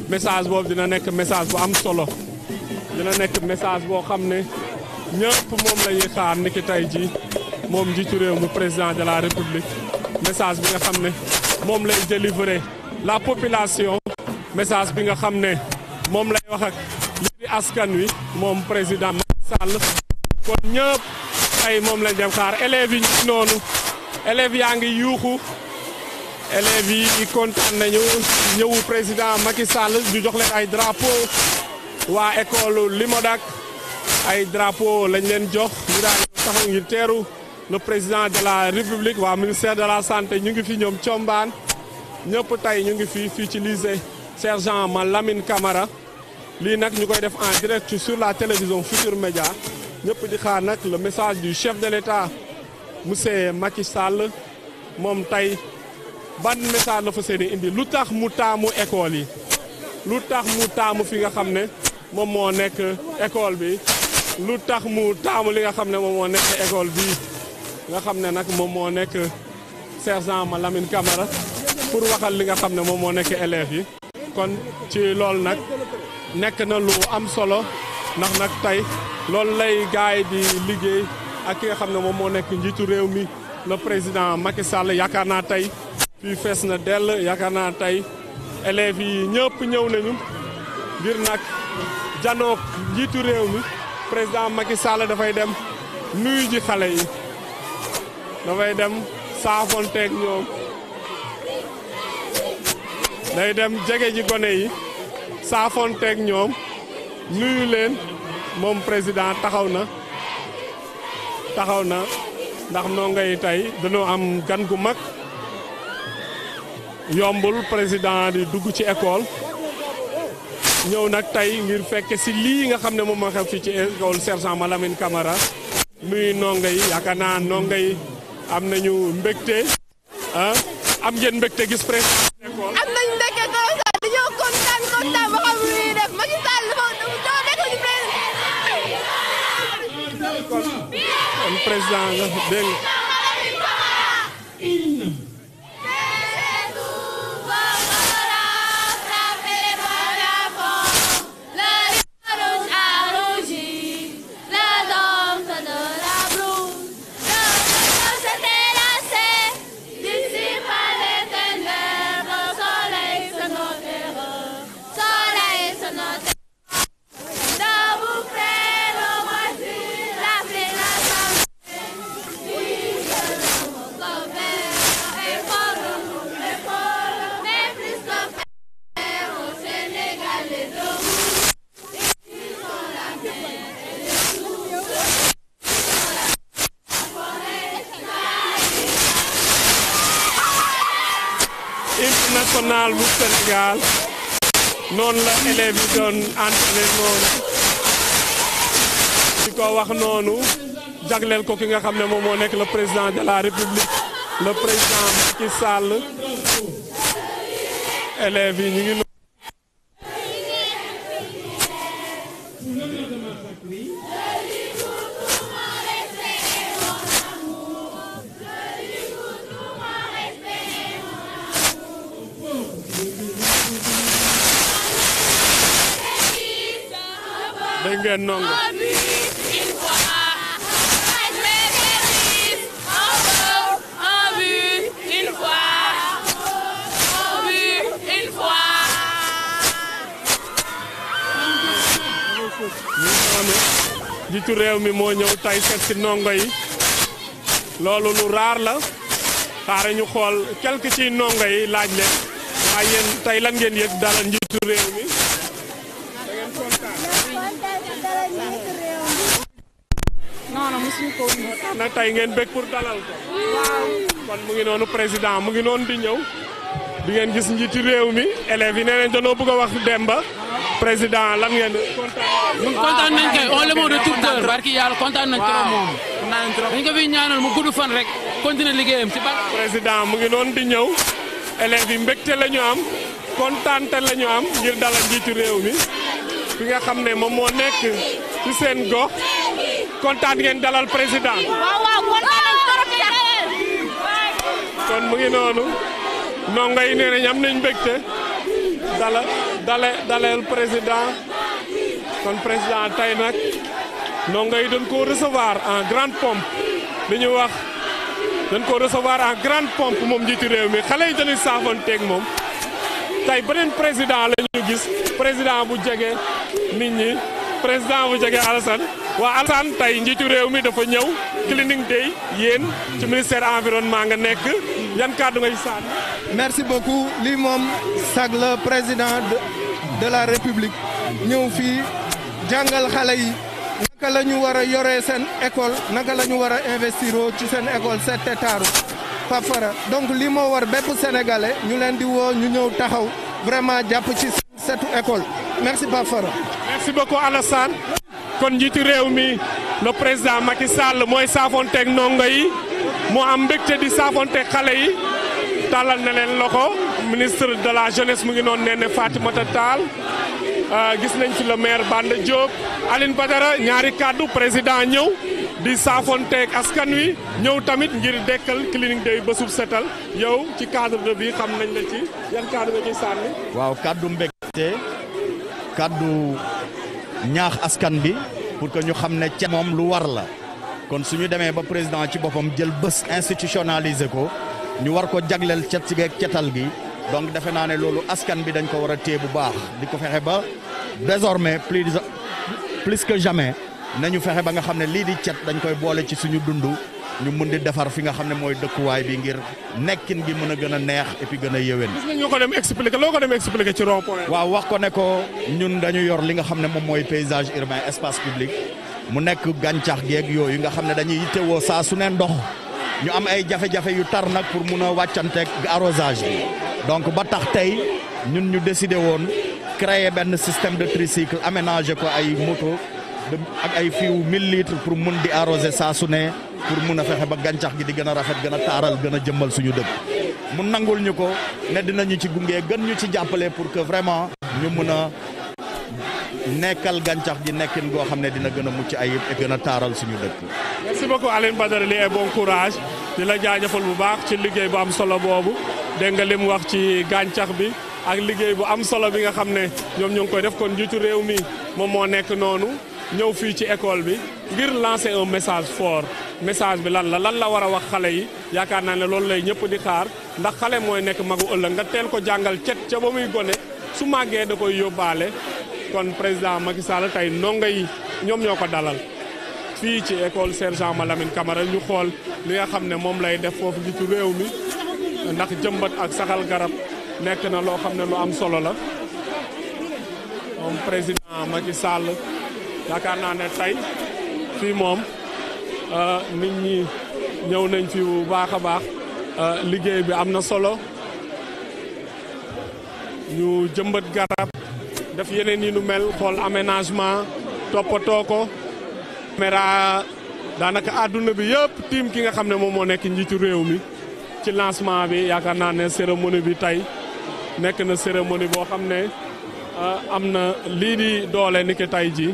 message boobu dina nekk message bu am solo dina nekk message boo xam ne ñëpp moom la ñuy xaar niki tey jii moom njiitu réew mu président de la république message bi nga xam ne moom lay délivrer la population message bi nga xam ne moom lay wax ak lii askan wi moom président Macky Sall kon ñëpp ay moom lañ dem xaar élèves yi ñu noonu élèves yaa ngi yuuxu. élèves yi kontaan nañu ñëwu président Macky Sall ñu jox leen ay drapeau waa école Limodak ay drapeau lañ leen jox ñu daal taxaw ngir teeru le président de la république waa ministère de la santé ñu ngi fi ñoom combaan ñëpp tey ñu ngi fi fii ci lycée sergent Malamine Camara lii nag ñu koy def en direct sur la télévision Futur Média ñëpp di xaar nag le message du chef de l'État monsieur Macky Sall moom tey ban message la fa seeni indi lu tax mu taamu école yi lu tax mu taamu fi nga xam ne moom moo nekk école bi lu tax mu taamu li nga xam ne moom moo nekk école bi nga xam ne nag moom moo nekk sergent ma Lamine Camara pour waxal li nga xam ne moom moo nekk élèves yi kon ci loolu nag nekk na lu am solo ndax nag tey loolu lay gaay di liggéey ak ki nga xam ne moom moo nekk njiitu réew mi le président Macky yaakaar naa tey fii fees na dell yaakaar naa tey élèves yi ñëpp ñëw nañu ngir nag janook njiitu réew mi président Macky Sall dafay dem nuyu ji xale yi dafay dem saafonteeg ñoom day dem jege ji gone yi saafonteeg ñoom nuyu leen moom président taxaw na taxaw na ndax noo ngay tey dañoo am gan gu mag yombul président di dugg ci école ñëw nag tey ngir fekke si lii nga xam ne moom moo xew fii ci école sergent Malamine Camara nuyu ndongo yi yaakaar naa ndongo yi am nañu mbégte ah, am ngeen mbëgte gis président école. am nañu mbégte trop sax dañoo kontaan kontaan ba xam lu ñuy def Macky Sall dafa nekk ñu président. kon président nga dégg nga national mu Sénégal noonu la élèves yi doon entraîné noonu di ko wax noonu jagleel ko ki nga xam ne moom moo nekk le président de la république le président Macky Sall yi ndongo jiitu réew mi moo ñëw tay seet si ndongo yi loolu lu raar la xaare ñu xool quelque ci ndongo yi laaj leen waaye yéen lan ngeen yëg dalal njiitu réew mi non non mosuñu ngeen bég pour dalal ko. mu ngi noonu président mu ngi noonu di ñëw. di ngeen gis njiiti réew mi élèves yi nee nañ dañoo bëgg a wax Demba. président lan ngeen kontaan. nañ kay on le mot de tout barki yàlla kontaan nañ trop moom. dañ ko fiy ñaanal mu gudd fan rek continuer liggéeyam ci barke. mu ngi noonu di ñëw élèves yi mbégte lañu am kontaante la ñu am ngir dalal njiiti réew mi fi nga xam ne moom moo nekk ci seen gox. kontaan ngeen dalal président. kon mu ngi noonu ndongo yi nee nañ am nañ mbégte dala dale daleel président kon président tey nag ndongo yi dañ koo recevoir en grande pompe li wax dañ koo recevoir en grande pompe moom njiitu réew mi xale yi dañuy teeg moom tey beneen président la ñu gis président bu jege nit ñi président bu jege Alassane waa Alassane tey njiitu réew mi dafa ñëw cleaning day yéen ci ministère environnement nga nekk yan kàddu ngay sànni. merci beaucoup lii moom sag la président de la république ñëw fii jàngal xale yi. naka la ñu war a yoree seen école naka la ñu war a investir ci seen école seet te taaru Fafara donc lii moo war bépp sénégalais ñu leen di woo ñu ñëw taxaw vraiment jàpp ci seetu école merci Fafara. merci beaucoup Alassane. kon njiitu réew mi le président Macky Sall mooy saafonteeg ndongo yi mu am mbégte di saafonteeg xale yi tàllal na leen loxo ministre de la jeunesse mu ngi noon nee ne taal Tall euh, gis nañ ci le maire Banda Diop Aline Badara ñaari kàddu président ñëw di saafonteeg askan wi ñëw tamit ngir dekkal clinique day bésub setal yow ci cadre de bi xam nañ la ci yan cadre nga ci sànni. waaw kàddu mbégte kàddu ñaax askan bi pour que ñu xam ne ca moom lu war la kon suñu demee ba président ci boppam jël bës institutionnalisé ko ñu war ko jagleel cet si geeg cetal gi donc defe naa ne loolu askan bi dañ ko war a téye bu baax di ko fexe ba désormais plus plus que jamais nañu fexe ba nga xam ne lii di cet dañ koy boole ci suñu dund ñu mën di defar fi nga xam ne mooy dëkkuwaay bi ngir nekkin gi mën a gën a neex et gën a yéwén. gis nañ ñu ko dem expliquer loo ko waaw wax ko ne ko ñun dañu yor li nga xam ne moom mooy paysage urbain espace public mu nekk gàncax geeg yooyu nga xam ne dañuy yittewoo saa su ne ndox ñu am ay jafe-jafe yu tar nag pour mun a wàccanteeg arrosage bi donc ba tax tey ñun ñu décidé woon créer benn système de tricycle aménagé ko ay moto ak ay fiwu mil litres pour mun di arroser saa su ne. pour mun a fexe ba gàncax gi di gën rafet gën a taaral gën a jëmmal suñu dëkk mu nangul ñu ko ne dinañu ci gunge gën ñu ci jàppale pour que vraiment ñu mun a nekkal gàncax gi nekkin goo xam ne dina gën a mucc ayib et gën a taaral suñu dëkk. merci beaucoup Alioune Badara Ly et bon courage di la jaajëfal bu baax ci liggéey bu am solo boobu dégg li mu wax ci gàncax bi ak liggéey bu am solo bi nga xam ne ñoom ñu koy def kon njiitu réew mi moom moo nekk noonu. ñëw fii ci école bi ngir lancer un message fort message bi lan la lan la war a wax xale yi yaakaar naa ne loolu lay ñëpp di xaar ndax xale mooy nekk magu ëllëg nga teel ko jàngal cet ca ba muy gone su màggee da koy yóbbaale kon président Macky Sall tey ndongo yi ñoom ñoo ko dalal fii ci école sergent Malamine Camara ñu xool li nga xam ne moom lay def foofu ci réew mi ndax jëmbat ak saxal garab nekk na loo xam ne lu am solo la moom président Macky Sall yaakaar naa ne tey fii moom euh, nit ñi ñëw nañ fi bu baax a baax euh, liggéey bi am na solo ñu jëmbat garab def yeneen yi nu mel xool aménagement toppatoo ko caméra daanaka àdduna bi yëpp tiim ki nga xam ne moom moo nekk njiitu réew mi ci lancement bi yaakaar naa ne cérémonie bi tey nekk na cérémonie boo xam ne euh, am na lii di doole ni ki tey ji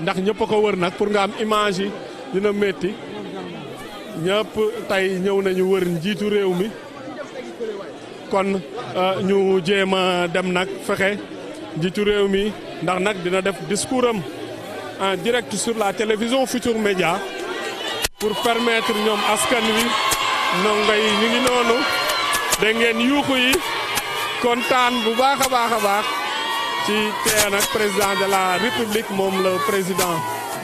ndax ñëpp ko wër nag pour nga am image yi dina métti ñëpp tey ñëw nañu wër njiitu réew mi kon euh, ñu jéem dem nag fexe njiitu réew mi ndax nag dina def discours am en direct sur la télévision Futur Média pour permettre ñoom askan wi ndongo yi ngi noonu da yuuxu yi kontaan bu baax a baax a baax. ci teew président de la république moom la président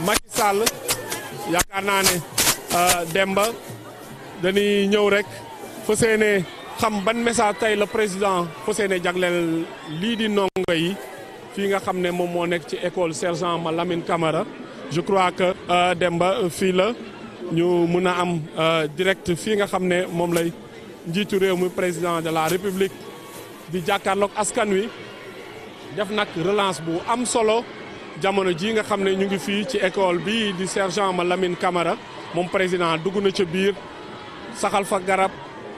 Macky Sall yaakaar naa ne euh, Demba dañuy ñëw rek fa seene xam ban message tey la président fa seene jagleel lii di ndongo yi fii nga xam ne moom moo nekk ci école sergent ma Lamine kamara je crois que euh, Demba euh, fii la ñu mën a am direct fi nga xam ne moom lay njiitu réew mi président de la république di jàkkaarloog askan wi def nag relance bu am solo jamono jii nga xam ne ñu ngi fii ci école bii di sergent ma Lamine Camara moom président dugg na ca biir saxal fa garab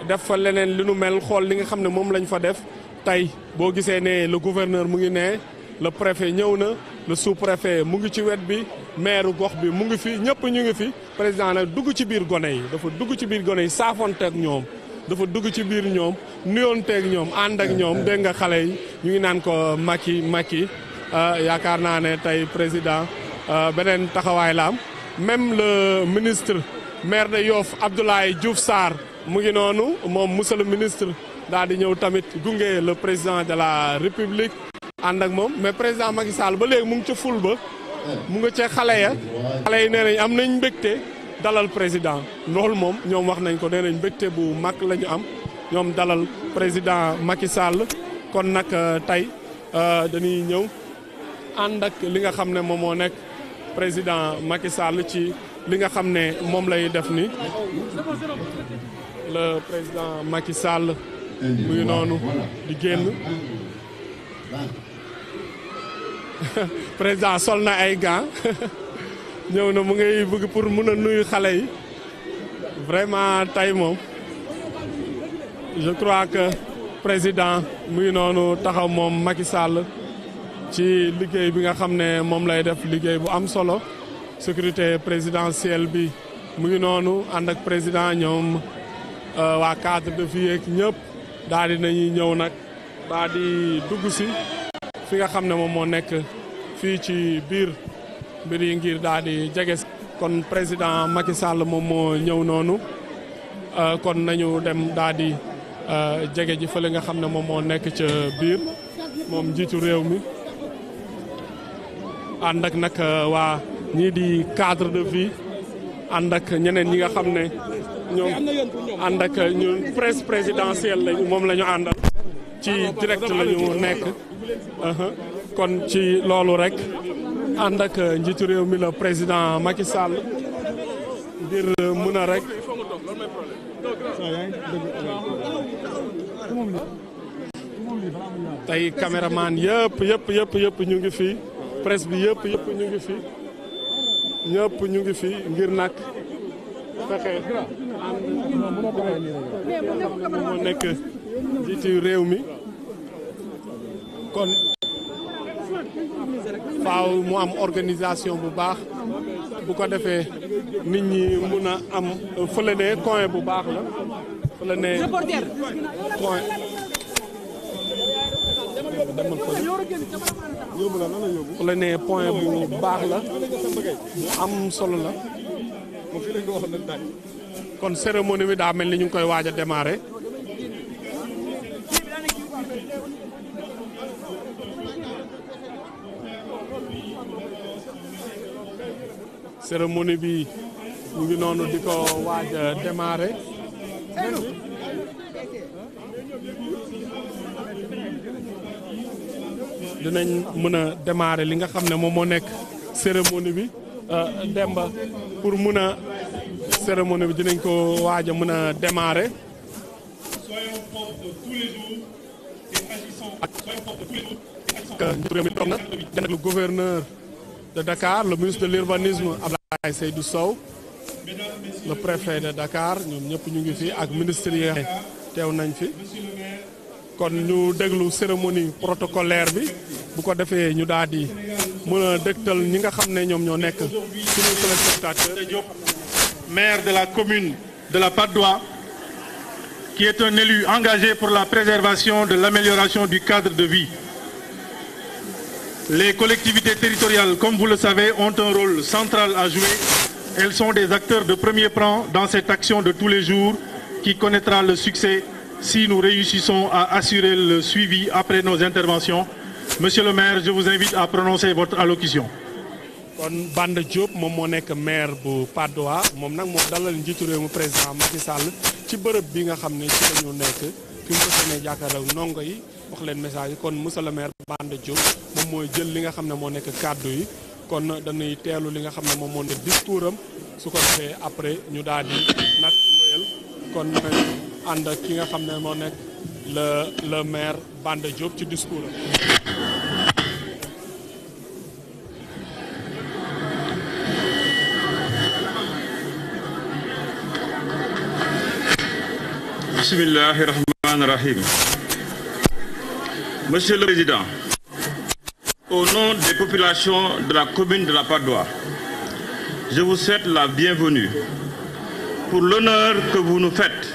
def fa leneen li nu mel xool li nga xam ne moom lañ fa def tey boo gisee ne la gouverneur mu ngi nee le préfet ñëw na le sous préfet mu ngi ci wet bi maire gox bi mu ngi fi ñëpp ñu ngi fi président nag dugg ci biir gone yi dafa dugg ci biir gone yi saafonte ak ñoom dafa dugg ci biir ñoom nuyoonteeg ñoom ànd ak ñoom dégg nga xale yi ñu ngi naan ko Macky Macky ah, yaakaar naa ne tey président ah, beneen taxawaay la am même le ministre maire de Yoff Abdoulaye Diouf saar mu ngi noonu moom monsieur le ministre daal di ñëw tamit gunge le président de la république ànd ak moom mais président Macky Sall ba léegi mu ngi ca ful ba mu nga ca xale ya xale yi nee nañ am nañ mbégte dalal président loolu moom ñoom wax nañ ko nee nañ mbégte bu mag la ñu am ñoom dalal président Macky Sall kon nag euh, tey euh, dañuy ñëw ànd ak li nga xam ne moom moo nekk président Macky Sall ci li nga xam ne moom lay def ni le président Macky Sall muy noonu di génn président sol na ay gants ñëw na mu ngay bëgg pour mun a nuyu xale yi vraiment tey moom je crois que président mu ngi noonu taxaw moom Macky Sall ci liggéey bi nga xam ne moom lay def liggéey bu am solo sécurité présidentielle bi mu ngi noonu ànd ak président ñoom euh, waa cadre de vie ñëpp daal di nañuy ñëw nag daal di dugg si fi nga xam ne moom moo nekk fii ci biir. mbir yi ngir daal di jege kon président Macky Sall moom moo ñëw noonu euh, kon nañu dem daal di euh, jege ji fële nga xam ne moom moo nekk ca biir moom njiitu réew mi ànd ak nag euh, waa ñii di cadre de vie ànd ak ñeneen ñi nga xam ne ñoom ànd ak ñun presse présidentielle lañu moom lañu ñu ci direct la ñu nekk kon ci loolu rek ànd ak euh, réew mi la président Macky Sall ngir euh, mën a rek tey caméraman yëpp yëpp yëpp yëpp ñu ngi fi presse bi yëpp yëpp ñu ngi fi ñëpp ñu ngi fi ngir nag fexe moo nekk njiitu réew mi kon faaw mu am organisation bu baax bu ko defee nit ñi mun a am fële ne coin bu baax la fële ne coin fële ne point bu baax la am solo la kon cérémonie bi daa mel ni ñu ngi koy waaj a cérémonie bi ngi noonu di ko waaj a dinañ mën a démarrer li nga xam ne moom moo nekk cérémonie bi euh, Demba pour mën a cérémonie bi dinañ ko waaj a mën a démarrer. soyons propres tous les jours et agissons. ak soyons de Dakar, le ministre de l'urbanisme Abdoulaye du Sow le préfet de Dakar ñoom ñëpp ñu ngi fi ak ministre yi teew nañ fi kon ñu déglu cérémonie protocolaire bi bu ko defee ñu daal di mën a ñi nga xam ne ñoom ñoo nekk suñu téléspectateur Diop maire de la commune de la Patte d'Oie qui est un élu engagé pour la préservation de l'amélioration du cadre de vie Les collectivités territoriales, comme vous le savez, ont un rôle central à jouer. Elles sont des acteurs de premier plan dans cette action de tous les jours qui connaîtra le succès si nous réussissons à assurer le suivi après nos interventions. Monsieur le maire, je vous invite à prononcer votre allocution. kon Banda Diop moom moo nekk maire bu Patte d'Oie moom nag moo dalal njiitu réew mu président Macky Sall ci bërëb bi nga xam ne ci la ñu nekk fi mu ko yi wax leen message kon monsieur le maire Banda moom mooy jël li nga xam ne moo nekk kàddu yi kon dañuy teelu li nga xam ne moom moo nekk discours su ko defee après ñu daal di nag wéyal kon ànd ki nga xam ne moo nekk le le maire Banda Diop ci discours am. Monsieur le Président, au nom des populations de la commune de la Padoie, je vous souhaite la bienvenue pour l'honneur que vous nous faites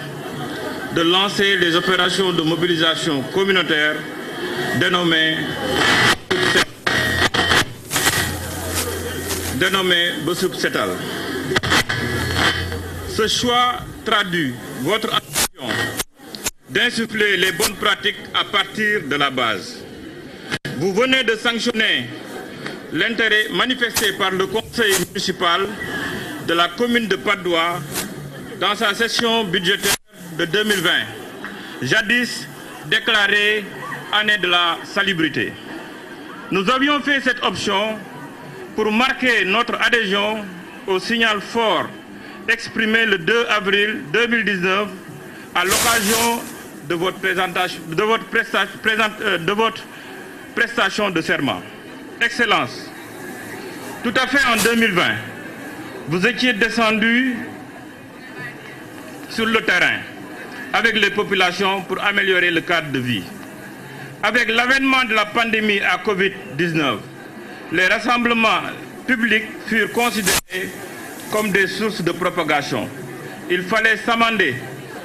de lancer les opérations de mobilisation communautaire dénommées dénommé Bessoub Setal. Ce choix traduit votre action d'insuffler les bonnes pratiques à partir de la base. Vous venez de sanctionner l'intérêt manifesté par le conseil municipal de la commune de Padoua dans sa session budgétaire de 2020, jadis déclarée année de la salubrité. Nous avions fait cette option pour marquer notre adhésion au signal fort exprimé le 2 avril 2019 à l'occasion de votre présentation de votre prestation présent, euh, de votre prestation de serment. Excellence, tout à fait en 2020, vous étiez descendu sur le terrain avec les populations pour améliorer le cadre de vie. Avec l'avènement de la pandémie à Covid-19, les rassemblements publics furent considérés comme des sources de propagation.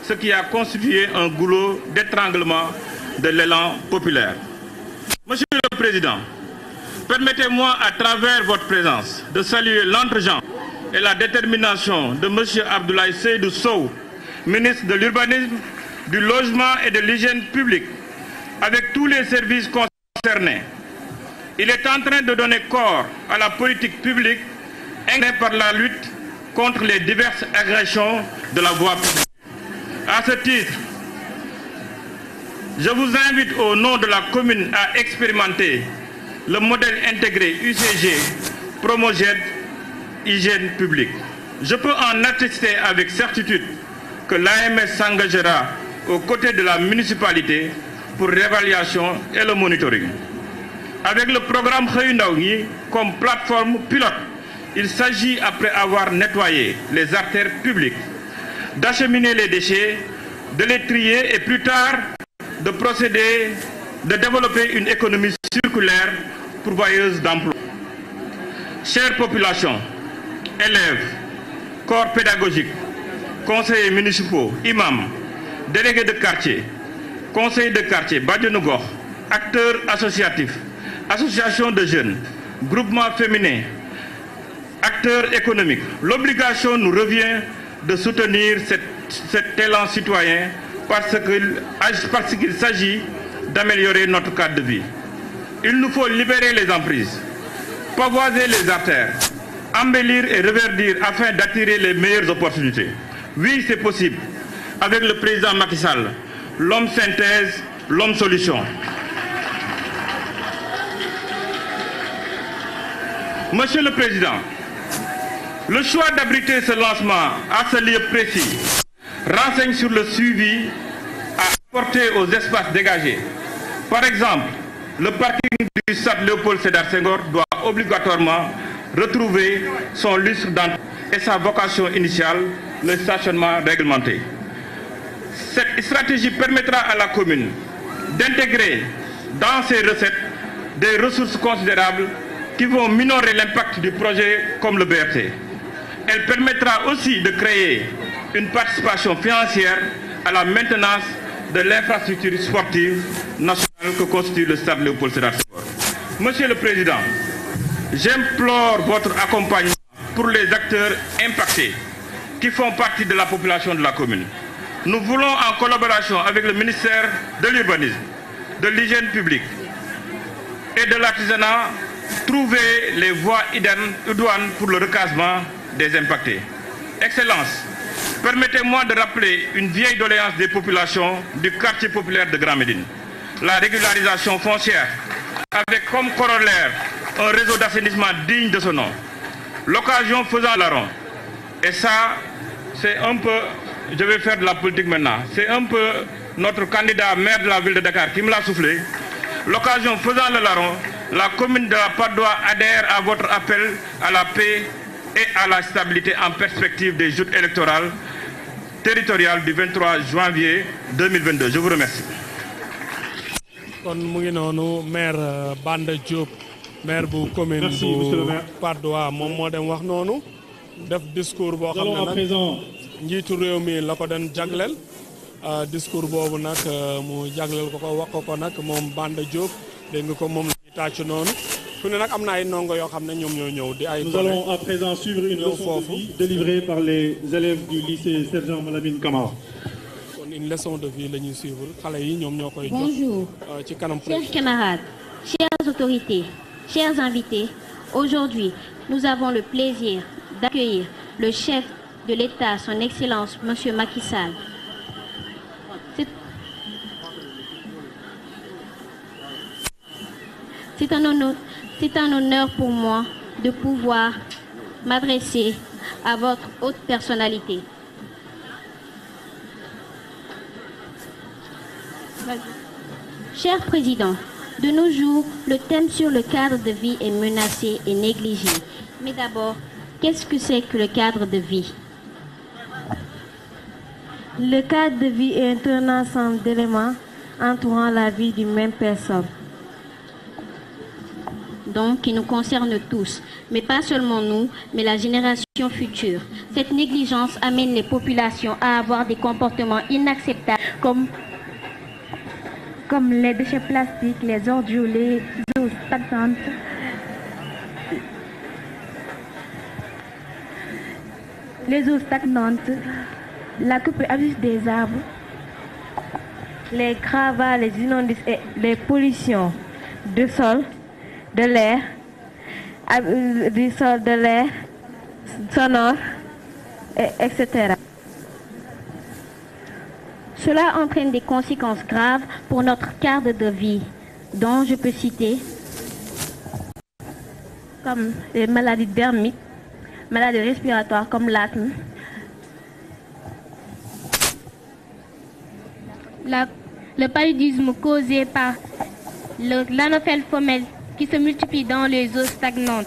ce qui a constitué un goulot d'étranglement de l'élan populaire. Monsieur le Président, permettez-moi à travers votre présence de saluer l'entregent et la détermination de Monsieur Abdoulaye Seydou Sow, ministre de l'Urbanisme, du Logement et de l'Hygiène publique, avec tous les services concernés. Il est en train de donner corps à la politique publique incarnée par la lutte contre les diverses agressions de la voie À ce titre, je vous invite au nom de la commune à expérimenter le modèle intégré UCG, Promoged, hygiène publique. Je peux en attester avec certitude que l'AMS s'engagera aux côtés de la municipalité pour l'évaluation et le monitoring. Avec le programme Réunaoui comme plateforme pilote, il s'agit après avoir nettoyé les artères publiques d'acheminer les déchets, de les trier et plus tard de procéder, de développer une économie circulaire pourvoyeuse d'emplois. Chères populations, élèves, corps pédagogiques, conseillers municipaux, imams, délégués de quartier, conseillers de quartier, Badjanougor, acteurs associatifs, associations de jeunes, groupements féminins, acteurs économiques, l'obligation nous revient de soutenir cet, cet élan citoyen parce qu'il parce qu'il s'agit d'améliorer notre cadre de vie. Il nous faut libérer les emprises, pavoiser les artères, embellir et reverdir afin d'attirer les meilleures opportunités. Oui, c'est possible. Avec le président Macky Sall, l'homme synthèse, l'homme solution. Monsieur le Président, Le choix d'abriter ce lancement à ce lieu précis renseigne sur le suivi à apporter aux espaces dégagés. Par exemple, le parti parking du stade Léopold Sédar Senghor doit obligatoirement retrouver son lustre d'antan et sa vocation initiale, le stationnement réglementé. Cette stratégie permettra à la commune d'intégrer dans ses recettes des ressources considérables qui vont minorer l'impact du projet comme le BRT. Elle permettra aussi de créer une participation financière à la maintenance de l'infrastructure sportive nationale que constitue le stade Léopold Sédar Senghor. Monsieur le Président, j'implore votre accompagnement pour les acteurs impactés qui font partie de la population de la commune. Nous voulons, en collaboration avec le ministère de l'Urbanisme, de l'hygiène publique et de l'artisanat, trouver les voies idoines pour le recasement Excellence, permettez-moi de rappeler une vieille doléance des populations du quartier populaire de Grand-Médine, la régularisation foncière, avec comme corollaire un réseau d'assainissement digne de ce nom. L'occasion faisant la Et ça, c'est un peu, je vais faire de la politique maintenant, c'est un peu notre candidat maire de la ville de Dakar qui me l'a soufflé. L'occasion faisant larron, la commune de la Padoie adhère à votre appel à la paix et à la stabilité en perspective des joutes électorales territoriales du 23 janvier 2022 je vous remercie. kon mu ngi noonu maire euh, Banda Diop maire bu commune bu Patte moom moo dem wax noonu def discours boo xam ne nag njiitu réew mi la ko doon jagleel euh, discours boobu nag euh, mu jagleel ko ko wax ko ko nag moom Banda Diop dégg nga ko moom la ñu noonu. su ne nag am na ay ndongo yoo ñoom ñoo ñoo di ay. nous allons à présent suivre une leçon de vie délivrée par les élèves du lycée Sergent Malamine Camara. une leçon de vie la ñuy suivre xale yi ñoom ñoo koy. Euh, ci kanam. chers camarades chères autorités chers invités aujourd'hui nous avons le plaisir d'accueillir le chef de l'État son excellence monsieur Macky Sall. C'est un honneur C'est un honneur pour moi de pouvoir m'adresser à votre haute personnalité. Cher Président, de nos jours, le thème sur le cadre de vie est menacé et négligé. Mais d'abord, qu'est-ce que c'est que le cadre de vie Le cadre de vie est un ensemble d'éléments entourant la vie d'une même personne donc qui nous concerne tous, mais pas seulement nous, mais la génération future. Cette négligence amène les populations à avoir des comportements inacceptables comme, comme les déchets plastiques, les ordures, les eaux stagnantes, les la coupe abuse des arbres, les cravats, les inondations et les pollutions de sol de l'air du sol de l'air sonore, et, etc. Cela entraîne des conséquences graves pour notre cadre de vie, dont je peux citer comme les maladies dermiques, maladies respiratoires comme l'asthme, le paludisme causé par l'anophèle femelle qui se multiplient dans les eaux stagnantes.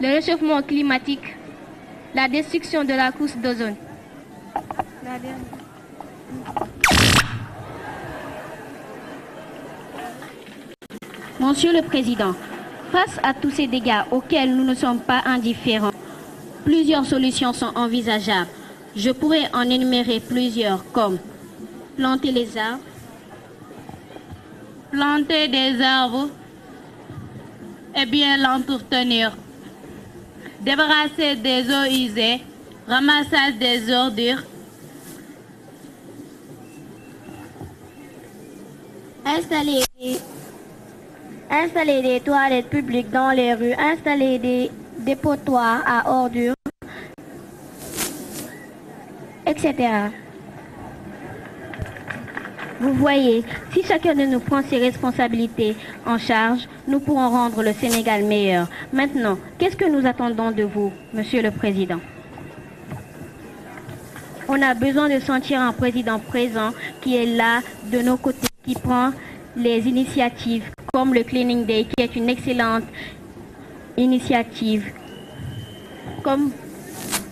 Le réchauffement climatique, la destruction de la couche d'ozone. Monsieur le Président, face à tous ces dégâts auxquels nous ne sommes pas indifférents, plusieurs solutions sont envisageables. Je pourrais en énumérer plusieurs comme planter les arbres, planter des arbres et bien l'entretenir. Débarrasser des eaux usées, ramassage des ordures, installer des, toilettes publiques dans les rues, installer des dépotoirs à ordures, etc. Vous voyez, si chacun de nous prend ses responsabilités en charge, nous pourrons rendre le Sénégal meilleur. Maintenant, qu'est-ce que nous attendons de vous, Monsieur le Président On a besoin de sentir un président présent qui est là, de nos côtés, qui prend les initiatives comme le Cleaning Day, qui est une excellente initiative. Comme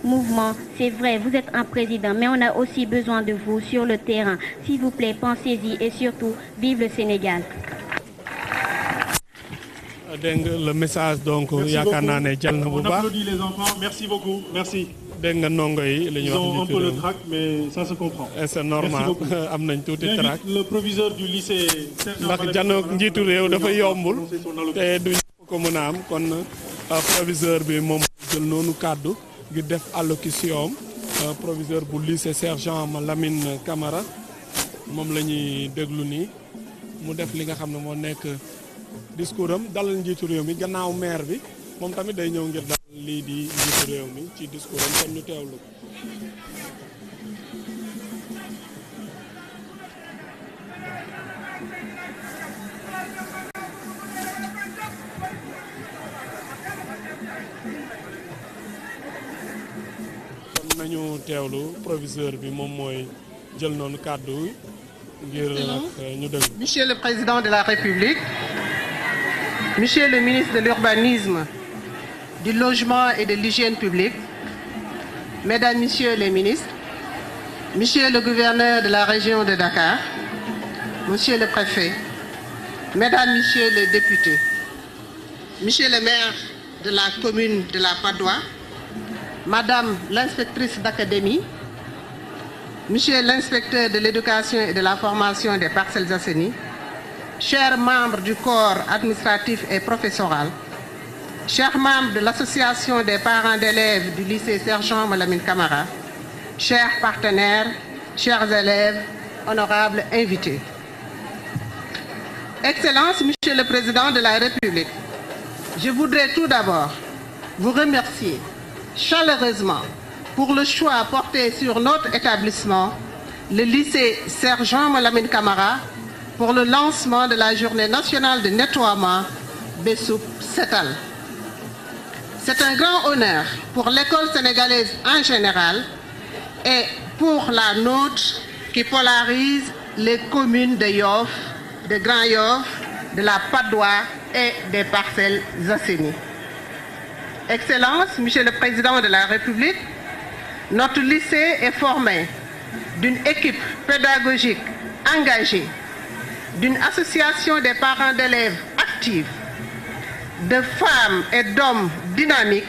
mouvement. C'est vrai, vous êtes un président, mais on a aussi besoin de vous sur le terrain. S'il vous plaît, pensez-y et surtout, vive le Sénégal. Euh, dégg nga message donc yaakaar naa ne jàll na bu baax on merci beaucoup merci. dégg nga ndongo yi lañu ñu wax. ils am nañ tuuti trac. njiitu réew dafa yombul. te duñ ko mën kon euh, proviseur bi moom jël noonu kàddu. ngir def allocution euh, proviseur bu lycée sergent ma Lamine kamara moom la ñuy déglu nii mu def li nga xam ne moo nekk discours am dalal njiitu réew mi gannaaw maire bi moom tamit day ñëw ngir dalal lii di njiitu réew mi ci discours am kon ñu teewlu ñu bi moom mooy jël noonu kàddu ngir euh, monsieur le président de la république monsieur le ministre de l'urbanisme du logement et de l'hygiène publique mesdames messieurs les ministres monsieur le gouverneur de la région de Dakar monsieur le préfet mesdames messieurs les députés monsieur le maire de la commune de la Padoie Madame l'inspectrice d'académie, Monsieur l'inspecteur de l'éducation et de la formation des parcelles assainies, chers membres du corps administratif et professoral, chers membres de l'association des parents d'élèves du lycée Sergent Malamine Camara, chers partenaires, chers élèves, honorables invités. Excellences, Monsieur le Président de la République, je voudrais tout d'abord vous remercier chaleureusement pour le choix porté sur notre établissement, le lycée Sergent Malamine Camara, pour le lancement de la journée nationale de nettoiement Bessoup Setal. C'est un grand honneur pour l'école sénégalaise en général et pour la nôtre qui polarise les communes de Yoff, de Grand Yoff, de la Padoie et des parcelles assainies. Excellences, Monsieur le Président de la République, notre lycée est formé d'une équipe pédagogique engagée, d'une association des parents d'élèves active, de femmes et d'hommes dynamiques,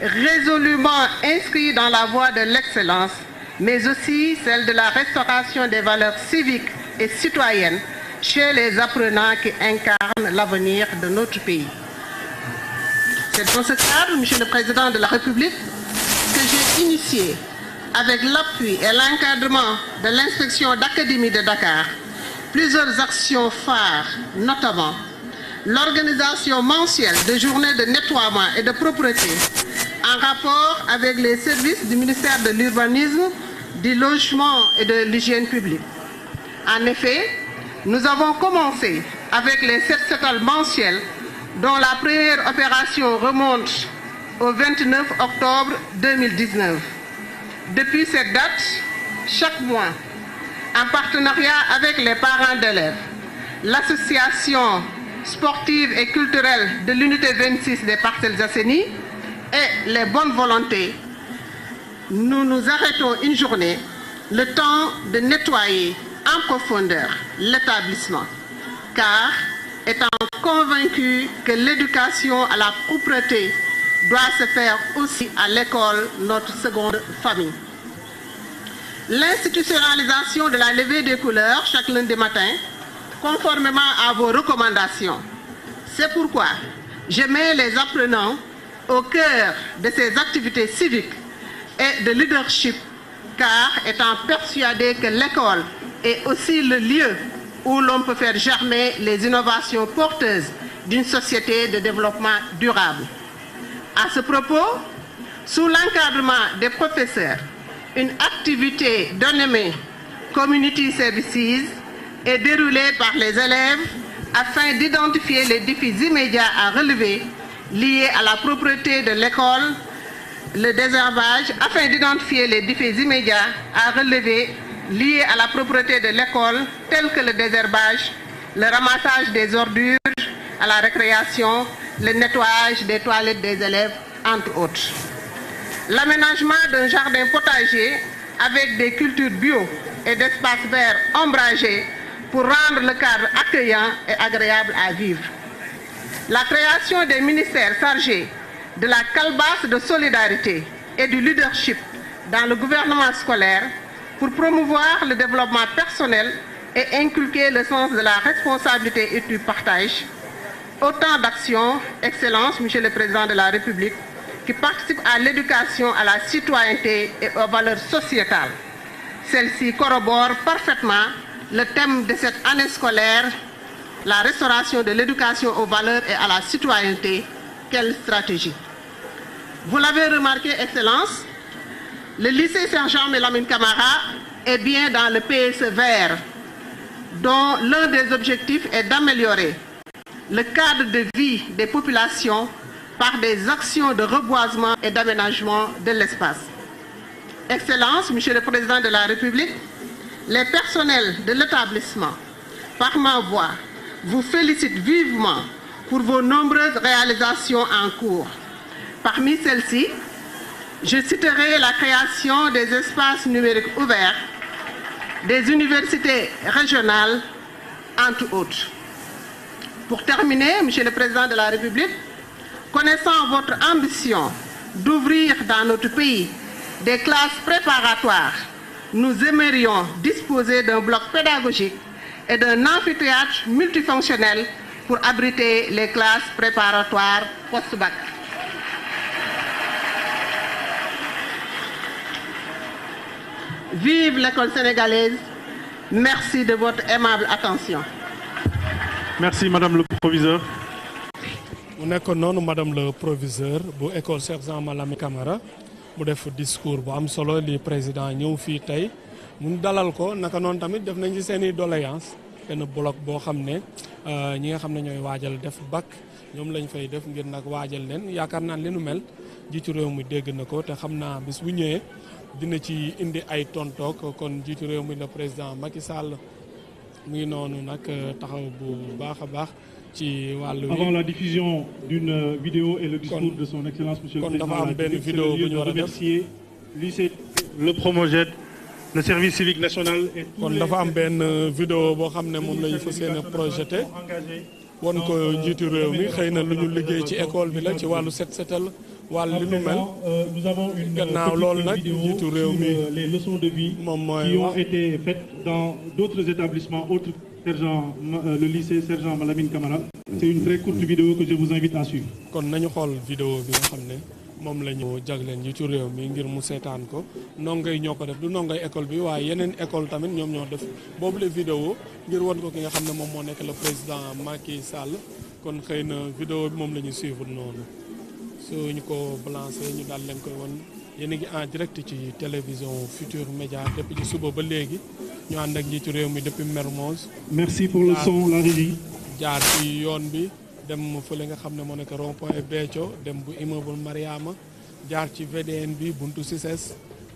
résolument inscrits dans la voie de l'excellence, mais aussi celle de la restauration des valeurs civiques et citoyennes chez les apprenants qui incarnent l'avenir de notre pays. C'est dans ce cadre, Monsieur le Président de la République, que j'ai initié, avec l'appui et l'encadrement de l'inspection d'Académie de Dakar, plusieurs actions phares, notamment l'organisation mensuelle de journées de nettoiement et de propreté en rapport avec les services du ministère de l'Urbanisme, du Logement et de l'Hygiène publique. En effet, nous avons commencé avec les sept mensuels dont la première opération remonte au 29 octobre 2019. Depuis cette date, chaque mois, en partenariat avec les parents d'élèves, l'association sportive et culturelle de l'unité 26 des parcelles Assainies et les bonnes volontés, nous nous arrêtons le temps de nettoyer en profondeur l'établissement, car étant convaincue que l'éducation à la propreté doit se faire aussi à l'école, notre seconde famille. L'institutionnalisation de la levée des couleurs chaque lundi matin, conformément à vos recommandations. C'est pourquoi je mets les apprenants au cœur de ces activités civiques et de leadership, car étant persuadé que l'école est aussi le lieu où l'on peut faire germer les innovations porteuses d'une société de développement durable. À ce propos, sous l'encadrement des professeurs, une activité dénommée Community Services est déroulée par les élèves afin d'identifier les défis immédiats à relever liés à la propreté de l'école, le désherbage, afin d'identifier les défis immédiats à relever liées à la propreté de l'école, telles que le désherbage, le ramassage des ordures à la récréation, le nettoyage des toilettes des élèves, entre autres. L'aménagement d'un jardin potager avec des cultures bio et d'espaces verts ombragés pour rendre le cadre accueillant et agréable à vivre. La création des ministères chargés de la calebasse de solidarité et du leadership dans le gouvernement scolaire pour promouvoir le développement personnel et inculquer le sens de la responsabilité et du partage. Autant d'actions, Excellence, Monsieur le Président de la République, qui participent à l'éducation à la citoyenneté et aux valeurs sociétales. Celle-ci corrobore parfaitement le thème de cette année scolaire, la restauration de l'éducation aux valeurs et à la citoyenneté. Quelle stratégie Vous l'avez remarqué, Excellence, Le lycée Saint-Jean Mélamine Camara est bien dans le PSE vert, dont l'un des objectifs est d'améliorer le cadre de vie des populations par des actions de reboisement et d'aménagement de l'espace. Excellence, Monsieur le Président de la République, les personnels de l'établissement, par ma voix, vous félicitent vivement pour vos nombreuses réalisations en cours. Parmi celles-ci, Je citerai la création des espaces numériques ouverts, des universités régionales, entre autres. Pour terminer, Monsieur le Président de la République, connaissant votre ambition d'ouvrir dans notre pays des classes préparatoires, nous aimerions disposer d'un bloc pédagogique et d'un amphithéâtre multifonctionnel pour abriter les classes préparatoires post-bac. Vive l'école sénégalaise. Merci de votre aimable Merci, Madame le mu nekkoon noonu madam le Proviseur bu école Cheikh malami Malamine mu def discours bu am solo li président ñëw fii tey mu dalal ko naka noonu tamit def nañ ci seen i doléance benn bloc boo xam ne euh, ñi nga xam ne ñooy waajal def bac ñoom lañ fay def ngir nag waajal leen yaakaar naa li nu mel ji ci réew mi dégg na ko te xam naa bis bu ñëwee. dina ci indi ay tontoog kon jiitu réew mi la président Macky Sall mu ngi noonu nag euh, taxaw bu baax a baax ci wàllu avant la diffusion d'une euh, vidéo et le discours de son excellence monsieur le président kon dafa am benn vidéo bu ñu war a def lycée le Promoged le service civique national kon dafa am benn vidéo boo xam ne moom lañu fas yéene projeté won ko jiitu réew mi xëy na lu ñu liggéey ci école bi la ci wàllu set setal wàll li nu mel euh, euh, gannaaw loolu nag njiitu réew mi euh, les leçons de vie moom mooy qui ont été faites dans d'autres établissements autres sergent le lycée sergent Malamine Camara c'est une très courte vidéo que je vous invite à suivre kon nañu xool vidéo bi nga xam ne moom la ñu jagleen ci réew mi ngir mu seetaan ko ndongo yi ñoo ko def du ndongo école bi waaye yeneen école tamit ñoom ñoo def boobu la vidéo ngir won ko ki nga xam ne moom moo nekk le président Macky Sall kon xëy na vidéo bi moom la ñu suivre noonu su ñu ko balancé ñu daal leen koy won yéen a ngi en direct ci télévision Futur Média depuis ci suba ba léegi ñu ànd ak njiitu réew mi depuis Mermoz. merci pour le son la jaar ci yoon bi dem fële nga xam ne moo nekk rond point dem bu immeuble Mariama jaar ci VDN bi buntu Cissesse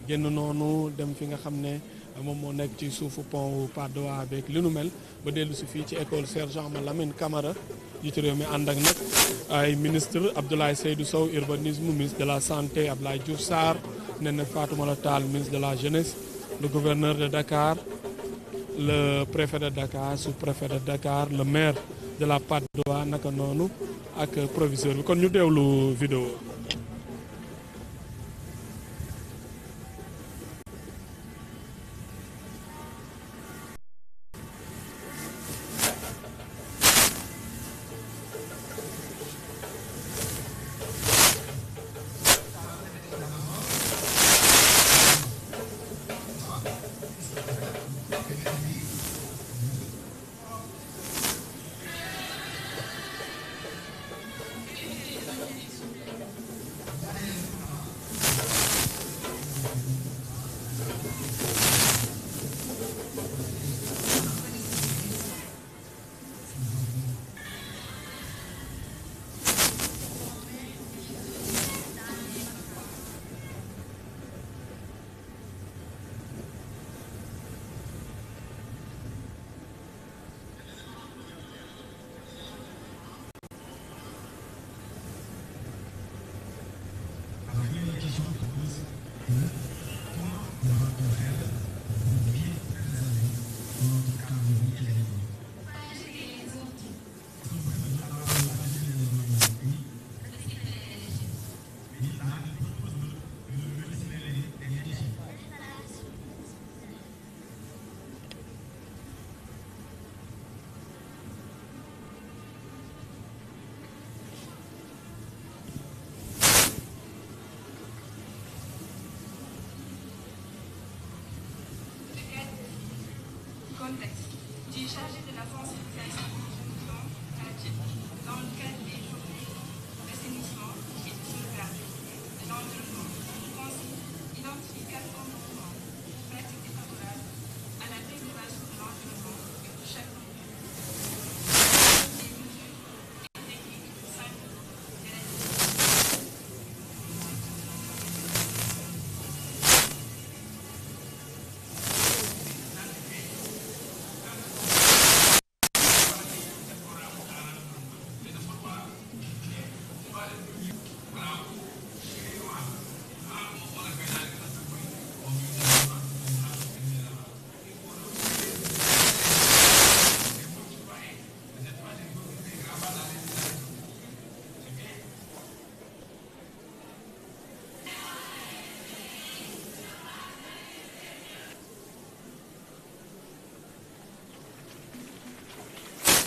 génn noonu dem fi nga xam ne moom moo nekk ci suufu pont Patte d'Oie avec li nu mel ba dellu si fii ci école sergent Malamine Camara jiitu réew mi ànd ak nag ay ministre Abdoulaye Seydou Sow urbanisme ministre de la santé Abdoulaye Diouf Sarr Néné Fatoumata Tall ministre de la jeunesse le gouverneur de Dakar le préfet de Dakar sous-préfet de Dakar le maire de la Patte d'Oie naka noonu ak proviseur bi kon ñu teewlu vidéo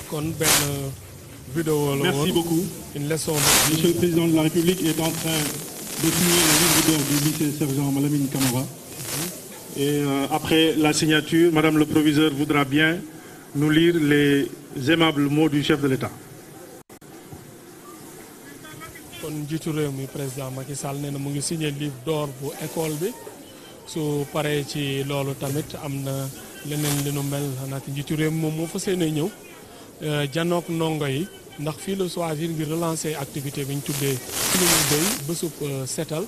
kon benn vidéo la woon merci une leçon monsieur le président de la république est en train de signer le livre d'or du lycée sergent Malamine Camara mhm. et euh, après la signature madame le proviseur voudra bien nous lire les aimables mots du chef de l'État kon njiitu réew mi président Macky Sall nee na mu ngi signé livre d'or bu école bi su paree ci loolu tamit am na leneen li nu mel ci njiitu réew moom moo fas yéene ñëw Euh, janook ndongo yi ndax fii la choisir ngir relancer activité bi ñu tuddee ci béy bésub euh, seetal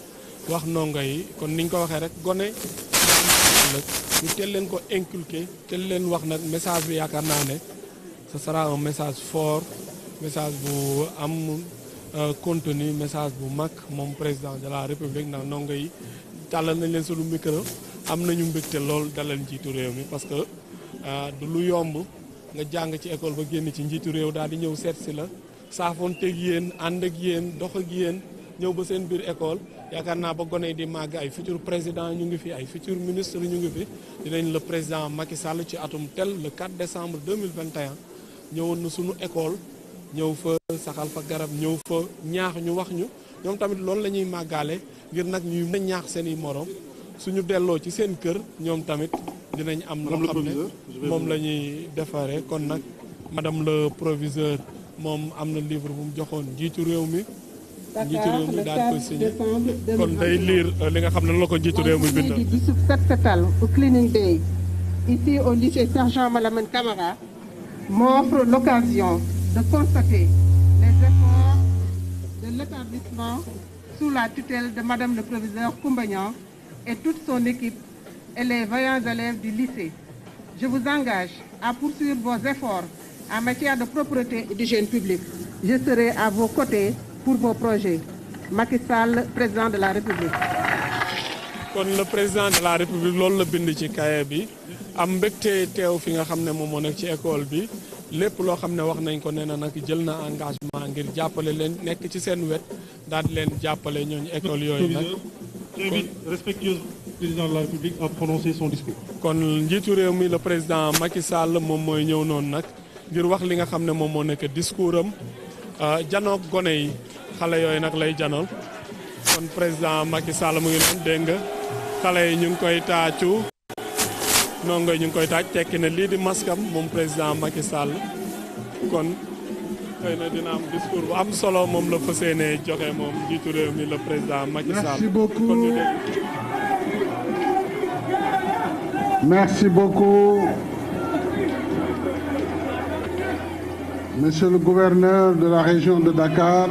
wax ndongo yi kon niñ ko waxee rek gone ñu teel leen ko inculquer teel leen wax nag message bi yaakaar naa ne ce sera message fort message bu am euh, contenu message bu mag moom président de la république ndax ndongo yi tàllal nañ leen sunu micro am nañu mbégte lool dalal jiitu réew mi parce que du lu yomb nga jàng ci école ba génn ci njiitu réew daal di ñëw seet si la saafoonteeg yéen ànd ak yéen dox ak yéen ñëw ba seen biir école yaakaar naa ba gone di màgg ay futur président ñu ngi fi ay futur ministre ñu ngi fi dinañ le président Macky Sall ci atum tel le 4 décembre 2021 ñëwoon na sunu école ñëw fa saxal fa garab ñëw fa ñaax ñu wax ñu ñoom tamit loolu la ñuy màggaale ngir nag ñuy mën ñaax seen i morom suñu delloo ci seen kër ñoom tamit dinañ am loo xam ne moom la ñuy defaree kon nag madame le proviseur moom am na livre bu mu joxoon njiitu réew mi njiitu réew mi ko signé kon day liir euh, li nga xam ne la ko njiitu réew mi bind di bisub set setal au cleaning day ici au lycée Sergent Malamane Camara m'offre l'occasion de constater les efforts la proviseur Koumbagnan et toute son équipe et les vaillants élèves du lycée. Je vous engage à poursuivre vos efforts en matière de propreté et d'hygiène publique. Je serai à vos côtés pour vos projets. Macky président de la République. kon le président de la République loolu la bind ci kaye bi am mbégte teew fi nga xam ne moom moo nekk ci école bi. lépp loo xam ne wax nañ ko nee na nag jël na engagement ngir jàppale leen nekk ci seen wet daal leen jàppale ñooñu école yooyu nag. la République a prononcé kon njiitu réew mi la président Macky Sall moom mooy ñëw noonu nag ngir wax li nga xam ne moom moo nekk discours am euh, janoog gone yi xale yooyu nag lay janool kon président Macky Sall mu ngi noonu dégg nga xale yi ñu ngi koy taacu. ndongo yi ñu ngi koy taaj tekki na lii di maskam moom président Macky Sall kon xëy na dina am discours bu am solo moom la fas yéenee joxe moom njiitu réew mi le président Macky Sall. merci beaucoup merci beaucoup monsieur le gouverneur de la région de Dakar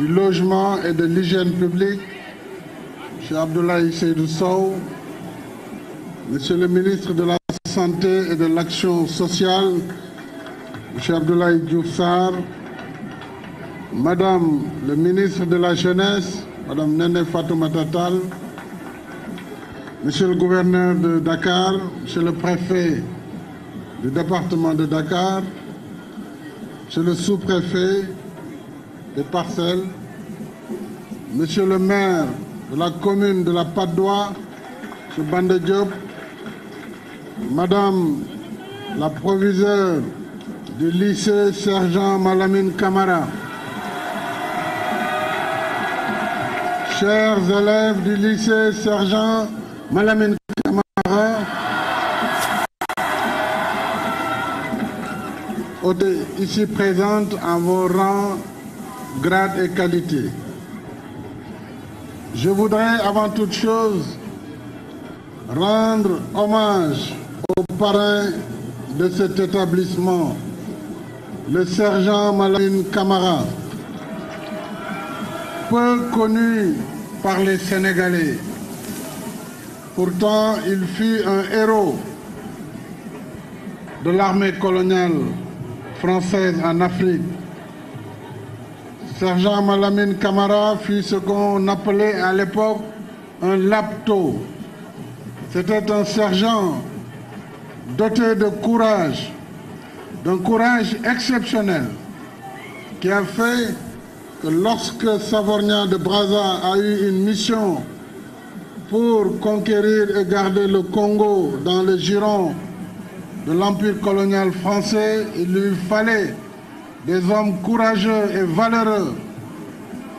du logement et de l'hygiène publique, M. Abdoulaye Seydou Sow, Monsieur le ministre de la Santé et de l'Action sociale, M. Abdoulaye Diouf Madame le ministre de la Jeunesse, Madame Nene Fatoumata Tal, Monsieur le gouverneur de Dakar, Monsieur le préfet du département de Dakar, Monsieur le sous-préfet, des parcelles, Monsieur le maire de la commune de la Padoie, M. Bande Diop, Madame la proviseure du lycée Sergent Malamine Camara, chers élèves du lycée Sergent Malamine Camara, ici présente en vos rangs grade et qualité. Je voudrais avant toute chose rendre hommage au parrain de cet établissement, le sergent Malamine Camara, peu connu par les Sénégalais. Pourtant, il fut un héros de l'armée coloniale française en Afrique Sergent Malamine Camara fut ce qu'on appelait à l'époque un lapto. C'était un sergent doté de courage, d'un courage exceptionnel, qui a fait que lorsque Savorgnan de Brazza a eu une mission pour conquérir et garder le Congo dans le giron de l'Empire colonial français, il lui fallait des hommes courageux et valeureux.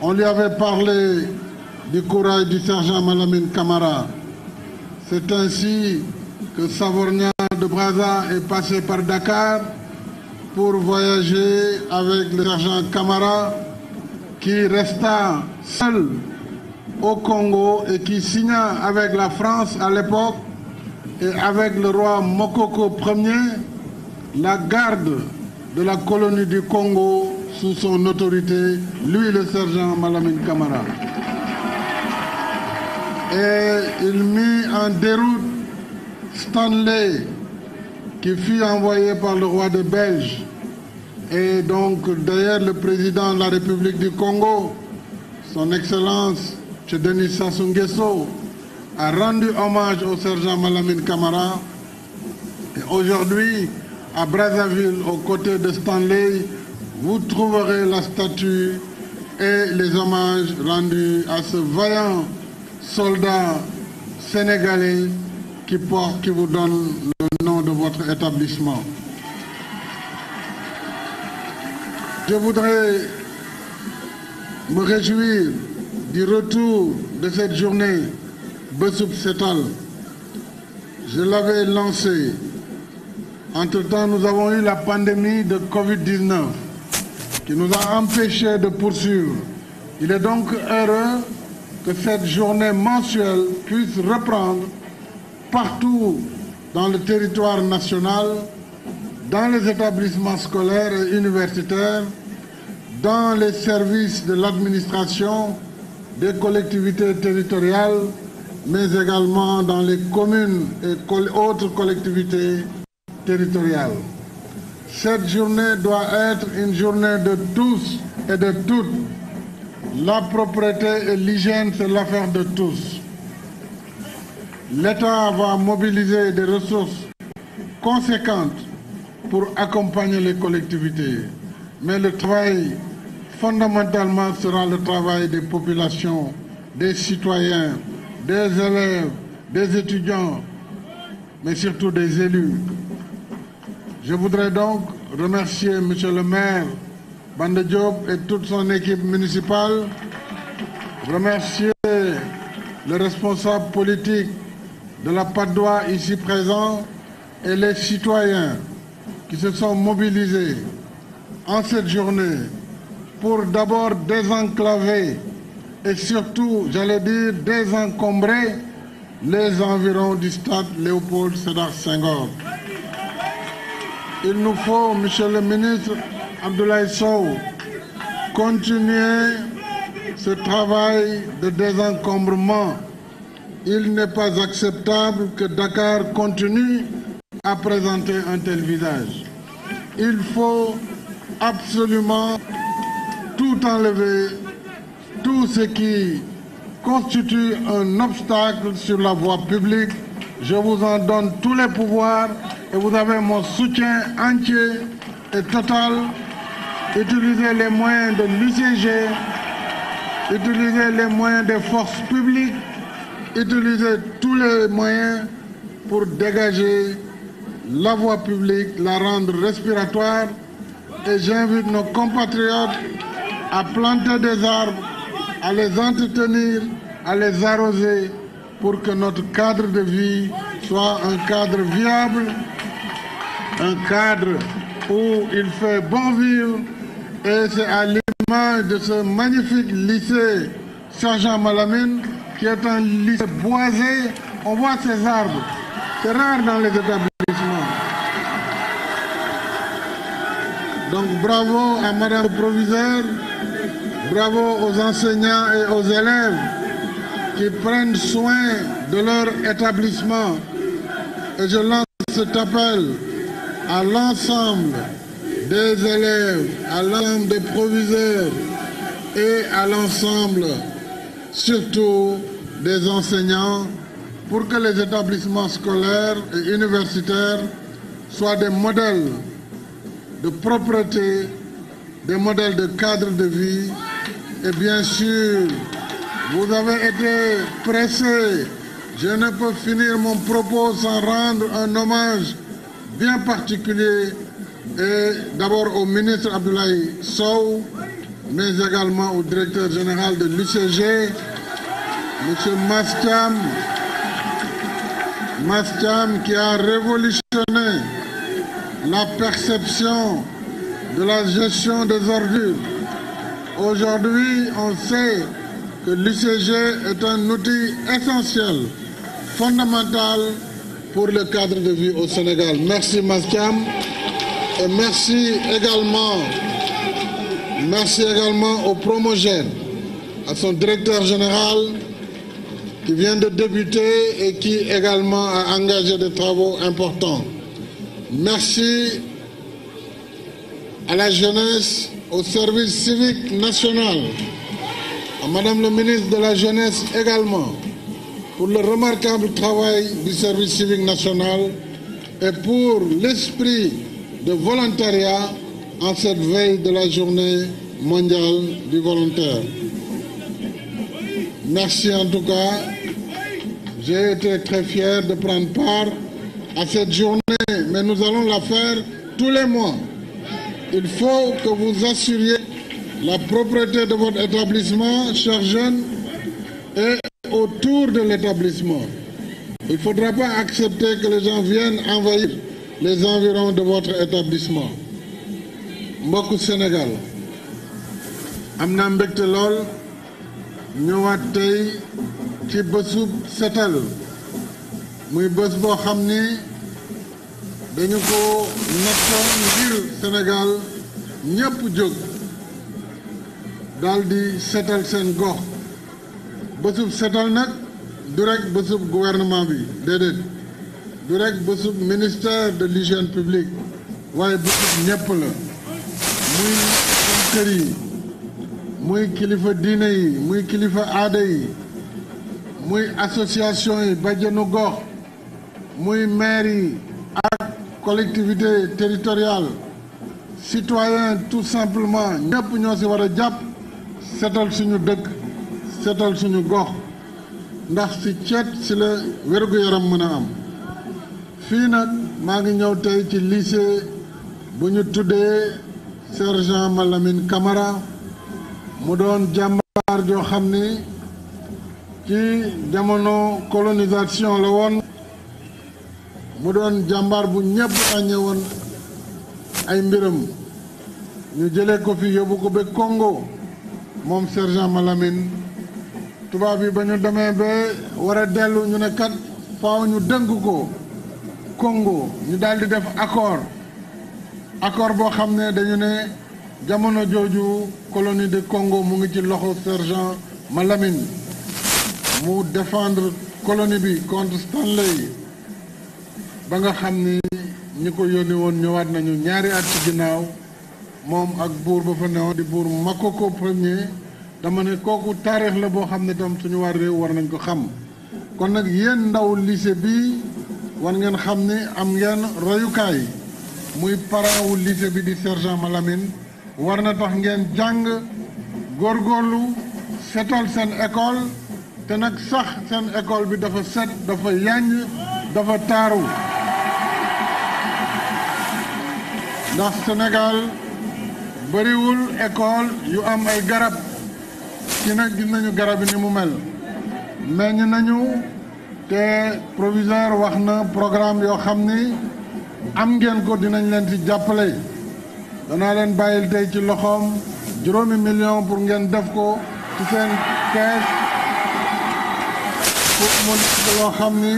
On lui avait parlé du courage du sergent Malamine Camara. C'est ainsi que Savorgnan de Brazza est passé par Dakar pour voyager avec le sergent Camara qui resta seul au Congo et qui signa avec la France à l'époque et avec le roi Mokoko Ier la garde de la colonie du Congo sous son autorité, lui le sergent Malamine Kamara. Et il mit en déroute Stanley, qui fut envoyé par le roi de Belge. Et donc, d'ailleurs, le président de la République du Congo, son Excellence, M. Denis Sassou Nguesso, a rendu hommage au sergent Malamine Kamara. Et aujourd'hui, à Brazzaville, aux côtés de Stanley, vous trouverez la statue et les hommages rendus à ce vaillant soldat sénégalais qui, porte, qui vous donne le nom de votre établissement. Je voudrais me réjouir du retour de cette journée Bessoub Setal. Je l'avais lancé Entre-temps, nous avons eu la de Covid-19 qui nous a de poursuivre. Il donc heureux que cette journée mensuelle puisse reprendre partout dans le territoire national, dans les établissements scolaires et dans les services de l'administration, des collectivités territoriales, mais également dans les communes et autres collectivités territoriale. Cette journée doit être une journée de tous et de toutes. La propreté et l'hygiène, c'est l'affaire de tous. L'État va mobiliser des ressources conséquentes pour accompagner les collectivités. Mais le travail, fondamentalement, sera le travail des populations, des citoyens, des élèves, des étudiants, mais surtout des élus. Je voudrais donc remercier Monsieur le maire Bande Diop et toute son équipe municipale, remercier le responsable politique de la Padoie ici présent et les citoyens qui se sont mobilisés en cette journée pour d'abord désenclaver et surtout, j'allais dire, désencombrer les environs du stade Léopold Sédar Senghor. il nous faut, Monsieur le ministre Abdoulaye Sow, continuer ce travail de désencombrement. Il n'est pas acceptable que Dakar continue à présenter un tel visage. Il faut absolument tout enlever, tout ce qui constitue un obstacle sur la voie publique Je vous en donne tous les pouvoirs et vous avez mon soutien entier et total. Utilisez les moyens de l'UCG, utilisez les moyens des forces publiques, utilisez tous les moyens pour dégager la voie publique, la rendre respiratoire. Et j'invite nos compatriotes à planter des arbres, à les entretenir, à les arroser pour que notre cadre de vie soit un cadre viable, un cadre où il fait bon Et c'est à l'image de ce magnifique lycée Sergent Malamine, qui est un lycée boisé, on voit ces arbres. C'est rare dans les établissements. Donc bravo à Madame le Proviseur, bravo aux enseignants et aux élèves. qui prennent soin de leur établissement. Et je lance cet appel à l'ensemble des élèves, à l'ensemble des proviseurs et à l'ensemble surtout des enseignants pour que les établissements scolaires et universitaires soient des modèles de propreté, des modèles de cadre de vie et bien sûr Vous avez été pressé. Je ne peux finir mon propos sans rendre un hommage bien particulier et d'abord au ministre Abdoulaye Sow, mais également au directeur général de l'UCG, M. Mastiam, Mastiam qui a révolutionné la perception de la gestion des ordures. Aujourd'hui, on sait que l'ICG est un outil essentiel, fondamental pour le cadre de vie au Sénégal. Merci Mastiam et merci également, merci également au promogène, à son directeur général qui vient de débuter et qui également a engagé des travaux importants. Merci à la jeunesse, au service civique national. à Madame le ministre de la Jeunesse également pour le remarquable travail du service civique national et pour l'esprit de volontariat en cette veille de la journée mondiale du volontaire. Merci en tout cas. J'ai été très fier de prendre part à cette journée, mais nous allons la faire tous les mois. Il faut que vous assuriez la propriété de votre établissement, chers jeunes, est autour de l'établissement. Il ne faudra pas accepter que les gens viennent envahir les environs de votre établissement. mbokku Sénégal am naa mbégte lool ñëwaat tey ci bésub setal muy bés boo xam ni dañu ko nattoon ngir Sénégal ñépp jóg dal di seetal seen gox bésub seetal nag du rek bésub gouvernement bi déedéet du rek bésub ministère de l'hygiène publique waaye bésub ñëpp la muy kër yi muy kilifa diine yi muy kilifa aada yi muy association yi bajjenu gox muy maire yi ak collectivité territoriale citoyen tout simplement ñëpp ñoo ci war a jàpp setal suñu dëkk setal suñu gox ndax si ceet ci la wér-gu-yaram mën a am fii nag maa ngi ñëw tey ci lycée bu ñu tuddee sergent Malamine Camara mu doon jàmbaar joo xam ni ci jamono colonisation la woon mu doon jàmbaar bu ñépp ràññe woon ay mbiram ñu jële ko fi yóbbu ko ba Congo moom sergent Malamine tubaab yi ba ñu demee ba war a dellu ñu ne kat faaw ñu dënk ko kongo ñu daal def accord accord boo xam ne dañu ne jamono jooju colonie de Congo mu ngi ci loxo sergent Malamine mu defendre colonie bi contre Stanley ba nga xam ni ñi ko yónni woon ñëwaat nañu ñaari at ci ginnaaw moom ak buur ba fa newoon di buur Makoko premier dama ne kooku taarix la boo xam ne tam suñu waar réew war nañ ko xam kon nag yéen ndaw lycée bi war ngeen xam ne am ngeen royukaay muy parent wu lycée bi di sergent Malamine war na tax ngeen jàng góorgóorlu setal seen école te nag sax seen école bi dafa set dafa yàññ dafa taaru ndax Sénégal bariwul école yu am ay garab ci nag gis nañu garab yi ni mu mel meññ nañu te proviseur wax na programme yoo xam ni am ngeen ko dinañ leen ci jàppale danaa leen bàyyil tey ci loxoom juróomi million pour ngeen def ko ci seen kees pour mu nekk loo xam ni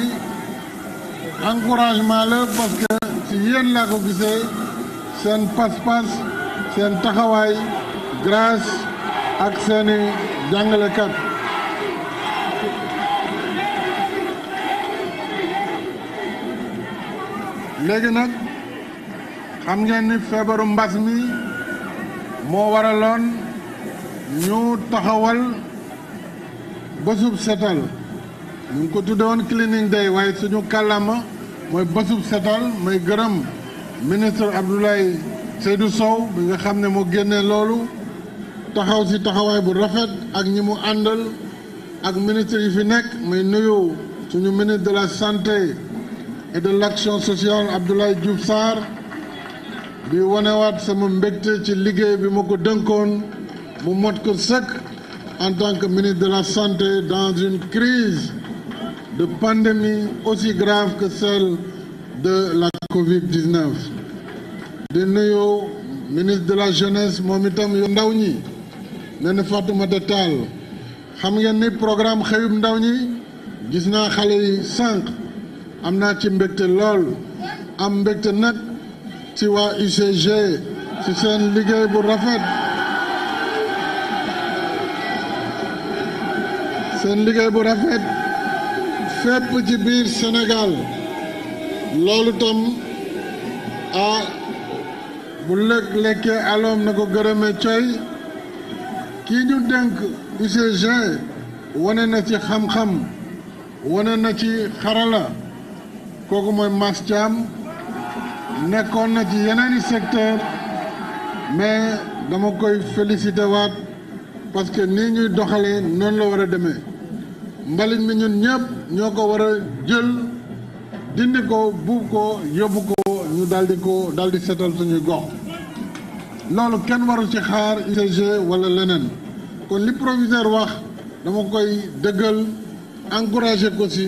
encouragement la parce que si yéen laa ko gisee seen pas-pas seen taxawaay grâce ak seeni jàngalekat léegi nag xam ngeen ni feebaru mbas mi moo waraloon ñu taxawal basub setal ñu ngi ko tuddoon cleaning day waaye suñu kàllaama mooy bësub setal may gërëm ministre Abdoulaye du Sow bi nga xam ne moo génne loolu taxaw si taxawaay bu rafet ak ñi mu àndal ak ministre yi fi nekk muy nuyu suñu ministre de la santé et de l'action sociale Abdoulaye Diouf Sarr bi wanewaat sama mbégte ci liggéey bi ma ko dënkoon mu mot ko sëkk en tant que ministre de la santé dans une crise de pandémie aussi grave que celle de la covid di nuyu ministre de la jeunesse moom itam yu ndaw ñi nee na Fatoumata Tall xam ngeen ni programme xëyub ndaw ñi gis naa xale yi sànq am naa ci mbégte lool am mbégte nag ci waa UCG ci seen liggéey bu rafet seen liggéey bu rafet fépp ci biir Sénégal loolu tam ah bu lëg lekkee aloom na ko gërëmee coy kii ñu dénk monsieur Jean wane na ci xam-xam wane na ci xarala kooku mooy Mass nekkoon na ci yeneeni secteur mais dama koy félicité waat parce que nii ñuy doxalee noonu la war a demee mbalit mi ñun ñëpp ñoo ko war a jël dindi ko buub ko yóbbu ko ñu daal di ko daal di seetal suñuy gox loolu kenn warul ci xaar UCG wala leneen kon li proviseur wax dama koy dëggal encouragé ko si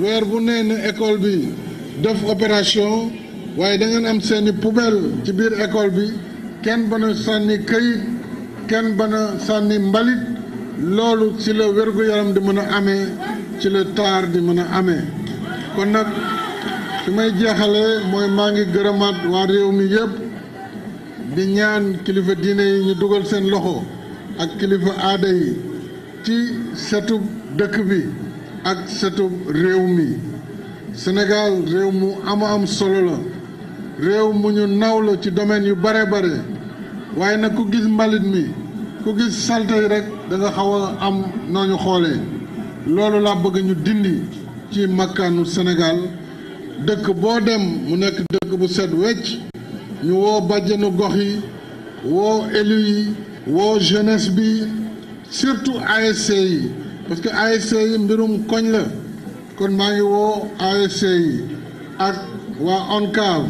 weer bu nee na école bi def opération waaye da ngeen am seeni poubelle ci biir école bi kenn bana sànni këyit kenn bana sànni mbalit loolu ci la wér yaram di mën a amee ci la taar di mën a amee kon nag su may jeexale mooy maa ngi gërëmaat waa réew mi yëpp di ñaan kilifa diine yi ñu dugal seen loxo ak kilifa aada yi ci setub dëkk bi ak setub réew mi senegal réew mu am am solo la réew mu ñu naw la ci domaine yu bare bare waaye nag ku gis mbalit mi ku gis salte yi rekk da nga am nañu ñu xoolee loolu la bëgg ñu dindi ci makkaanu Sénégal dëkk boo dem mu nekk dëkk bu set wecc ñu woo bàjjenu gox yi woo élu yi woo jeunesse bi surtout ASC yi parce que ASC yi mbirum koñ la kon maa ngi woo ASC yi ak waa ONCAV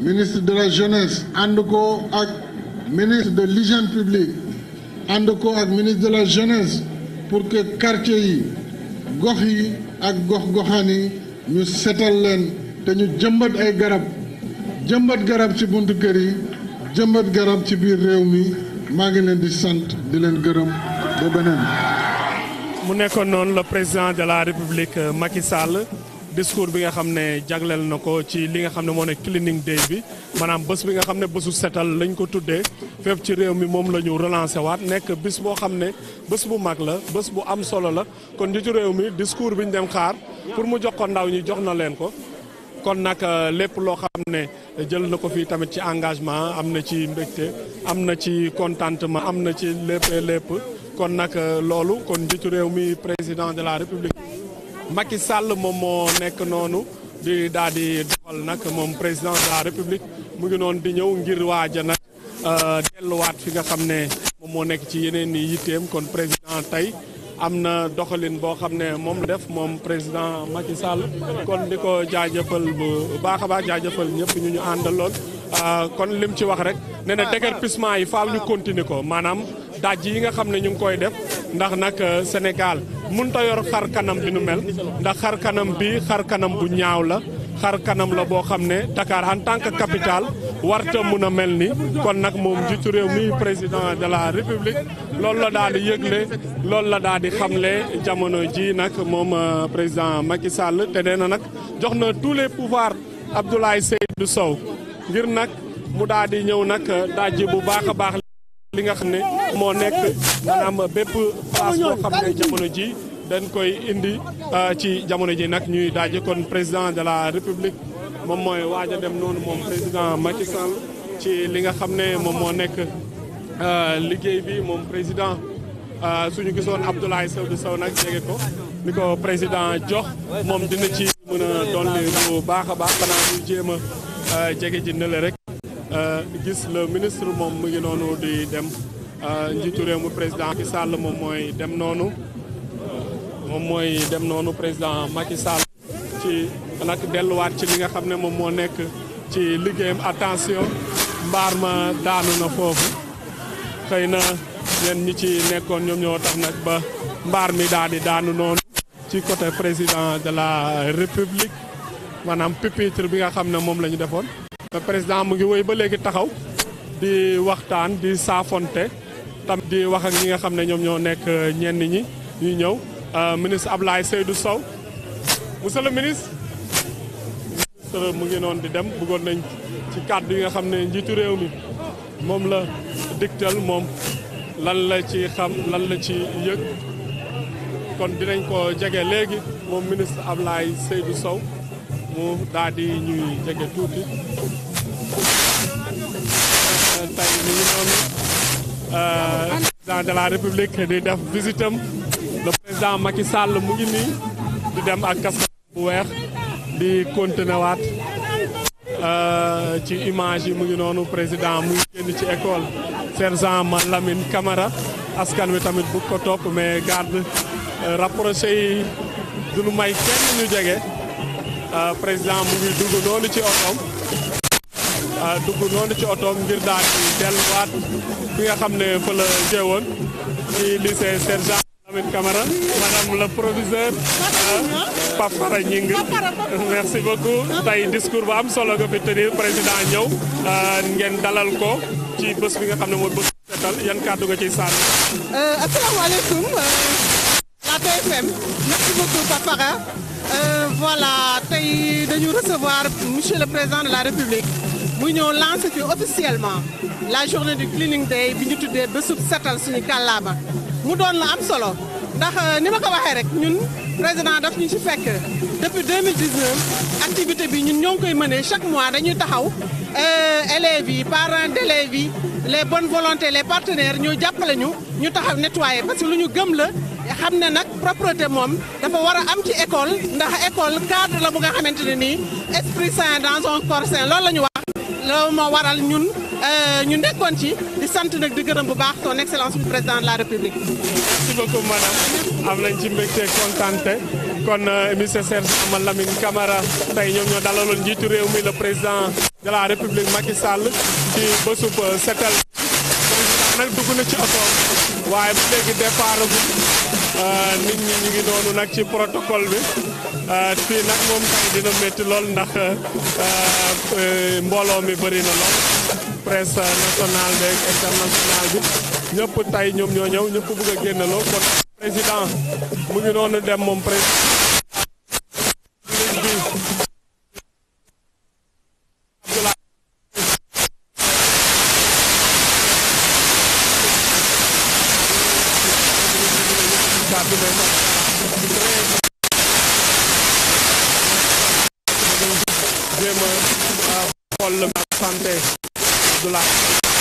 ministre de la jeunesse ànd ko ak ministre de l'hygiène publique ànd ko ak ministre de la jeunesse pour que quartier yi gox yi ak gox goxaan yi ñu setal leen dañu jëmbat ay garab jëmbat garab ci buntu kër jëmbat garab ci biir réew mi maa ngi leen di sant di leen gërëm ba beneen. mu nekkoon noonu la président de la république euh, Macky Sall discours bi nga xam ne jagleel na ko ci li nga xam ne moo ne cleaning day bi maanaam bés bi nga xam ne bésu setal lañu ko tuddee fépp ci réew mi moom la ñu relancé waat nekk bés boo xam ne bés bu mag la bés bu am solo la kon njiitu réew mi discours bi ñu dem xaar pour mu jox ko ndaw ñi jox na leen ko. kon nag euh, lépp loo xam ne jël na ko fii tamit ci engagement am na ci mbégte am na ci contentement am na ci lépp lépp kon nag euh, loolu kon njiitu réew mi président de la république Macky Sall moom moo nekk noonu di daal di doxal nag moom président de la république mu ngi noonu di ñëw ngir waaja nag euh, delluwaat fi nga xam ne moom moo nekk ci yeneen i kon président tey am na doxalin boo xam ne moom def moom président Macky Sall kon di ko jaajëfal bu baax a baax jaajëfal ñëpp ñu ñu àndaloon ah, kon lim ci wax rek nee na déguerpissement yi faaw ñu continuer ko maanaam daj yi nga xam ne ñu ngi koy def ndax nag euh, Sénégal mënut a yor xar kanam bi nu mel ndax xar kanam bi xar kanam bu ñaaw la. xar kanam la boo xam ne Dakar en tant que capitale warta mun a mel ni kon nag moom jiitu réew mi président de la république loolu la daal di yëgle loolu la daal di xamle jamono ji nag moom euh, président Macky Sall te nee na nag jox na tous les pouvoirs Abdoulaye Seydou Sow ngir nag mu daal di ñëw nag daj bu baax a baax li nga xam ne moo nekk maanaam bépp place boo xam ne jamono ji dañ koy indi euh, ci jamono ji nag ñuy daje kon président de la république moom mooy waaj a dem noonu moom président Macky Sall ci li nga xam ne moom moo nekk euh, liggéey bi moom président euh, suñu gisoon Abdoulaye Seydou Sow nag jege ko ni ko président jox moom dina ci mën baax a baax jéem a jege ji ne rek gis le ministre moom mu ngi di dem njiitu réew mu président Macky Sall moom mooy dem noonu moom mooy dem noonu président Macky Sall ci nag delluwaat ci li nga xam ne moom moo nekk ci liggéeyam attention mbaar ma daanu na foofu xëy na ñenn ñi ci nekkoon ñoom ñoo tax nag ba mbaar mi daal di daanu noonu ci côté président de la république maanaam pupitre bi nga xam ne moom la ñu defoon président mu ngi woy ba léegi taxaw di waxtaan di saafonte tam di wax ak ñi nga xam ne ñoom ñoo nekk ñenn ñi ñuy ñëw Euh, ministre Ablaye Seydou Sow monsieur le ministre mu ngi noonu di dem buggoon nañ ci kàddu yi nga xam ne njiitu réew mi moom la digtal moom lan la ci xam lan la ci yëg kon dinañ ko jege léegi moom ministre Ablaye Seydou Sow mu daal di ñuy jege tuuti euh, tey ñu ngi noonu euh, président de la république di def visitam le président maki Sall mu ngi nii di dem ak casque bu weex di continuer waat euh, ci image yi mu ngi noonu président mu ngi génn ci école sergent ma Lamine kamara askan wi tamit bu ko topp mais garde euh, rapproché yi du lu may kenn ñu jege euh, président mu ngi dugg noonu ci otoom dugg noonu ci otoom ngir daal di delluwaat fi nga xam ne fa la jëwoon ci lycée sergent Lamine Camara, madame le proviseur Pape Fara Ñing merci beaucoup tey discours bu am solo nga fi tenir président ñëw euh, ngeen dalal ko ci bés bi nga xam ne mooy bés setal yan kàddu nga ciy sànni euh, asalaamaaleykum euh, la TFM merci beaucoup Pape voilà tey dañu recevoir monsieur le président de la République mu ñëw lancé fi officiellement la journée du cleaning day bi ñu tuddee bésub setal suñu kàllaama mu doon la am solo ndax euh, ni ma ko waxee rek ñun président daf ñu ci fekk depuis 2019 activité bi ñun ñoo koy mënee chaque mois dañuy taxaw euh, élèves yi parents d'élèves yi les bon volontés les partenaires ñoo jàppale ñu ñu taxaw nettoyer parce que lu ñu gëm la xam ne nag propreté moom dafa war a am ci école ndax école cadre la bu nga xamante ne nii esprit sain loolu moo waral ñun euh, ñu nekkoon ci di sant nag di gërëm bu baax son excellence bu président de la république. merci beaucoup madame am nañ ci mbégte kontante kon euh, ministre sama Lamine Camara tey ñoom ñoo dalaloon njiitu réew mi la président de la république Macky Sall ci bésub euh, setal président nag dugg na ci oto waaye bu léegi départ Euh, nit ñi ñu ngi noonu nag ci protocole bi euh, fii nag moom tey dina métti lool ndax euh, mbooloo mi bëri na lool presse nationale beeg internationale bi ñëpp tey ñoom ñoo ñëw ñëpp bugg a génnaloo kon président mu ngi noonu dem moom président jéem a xool la santé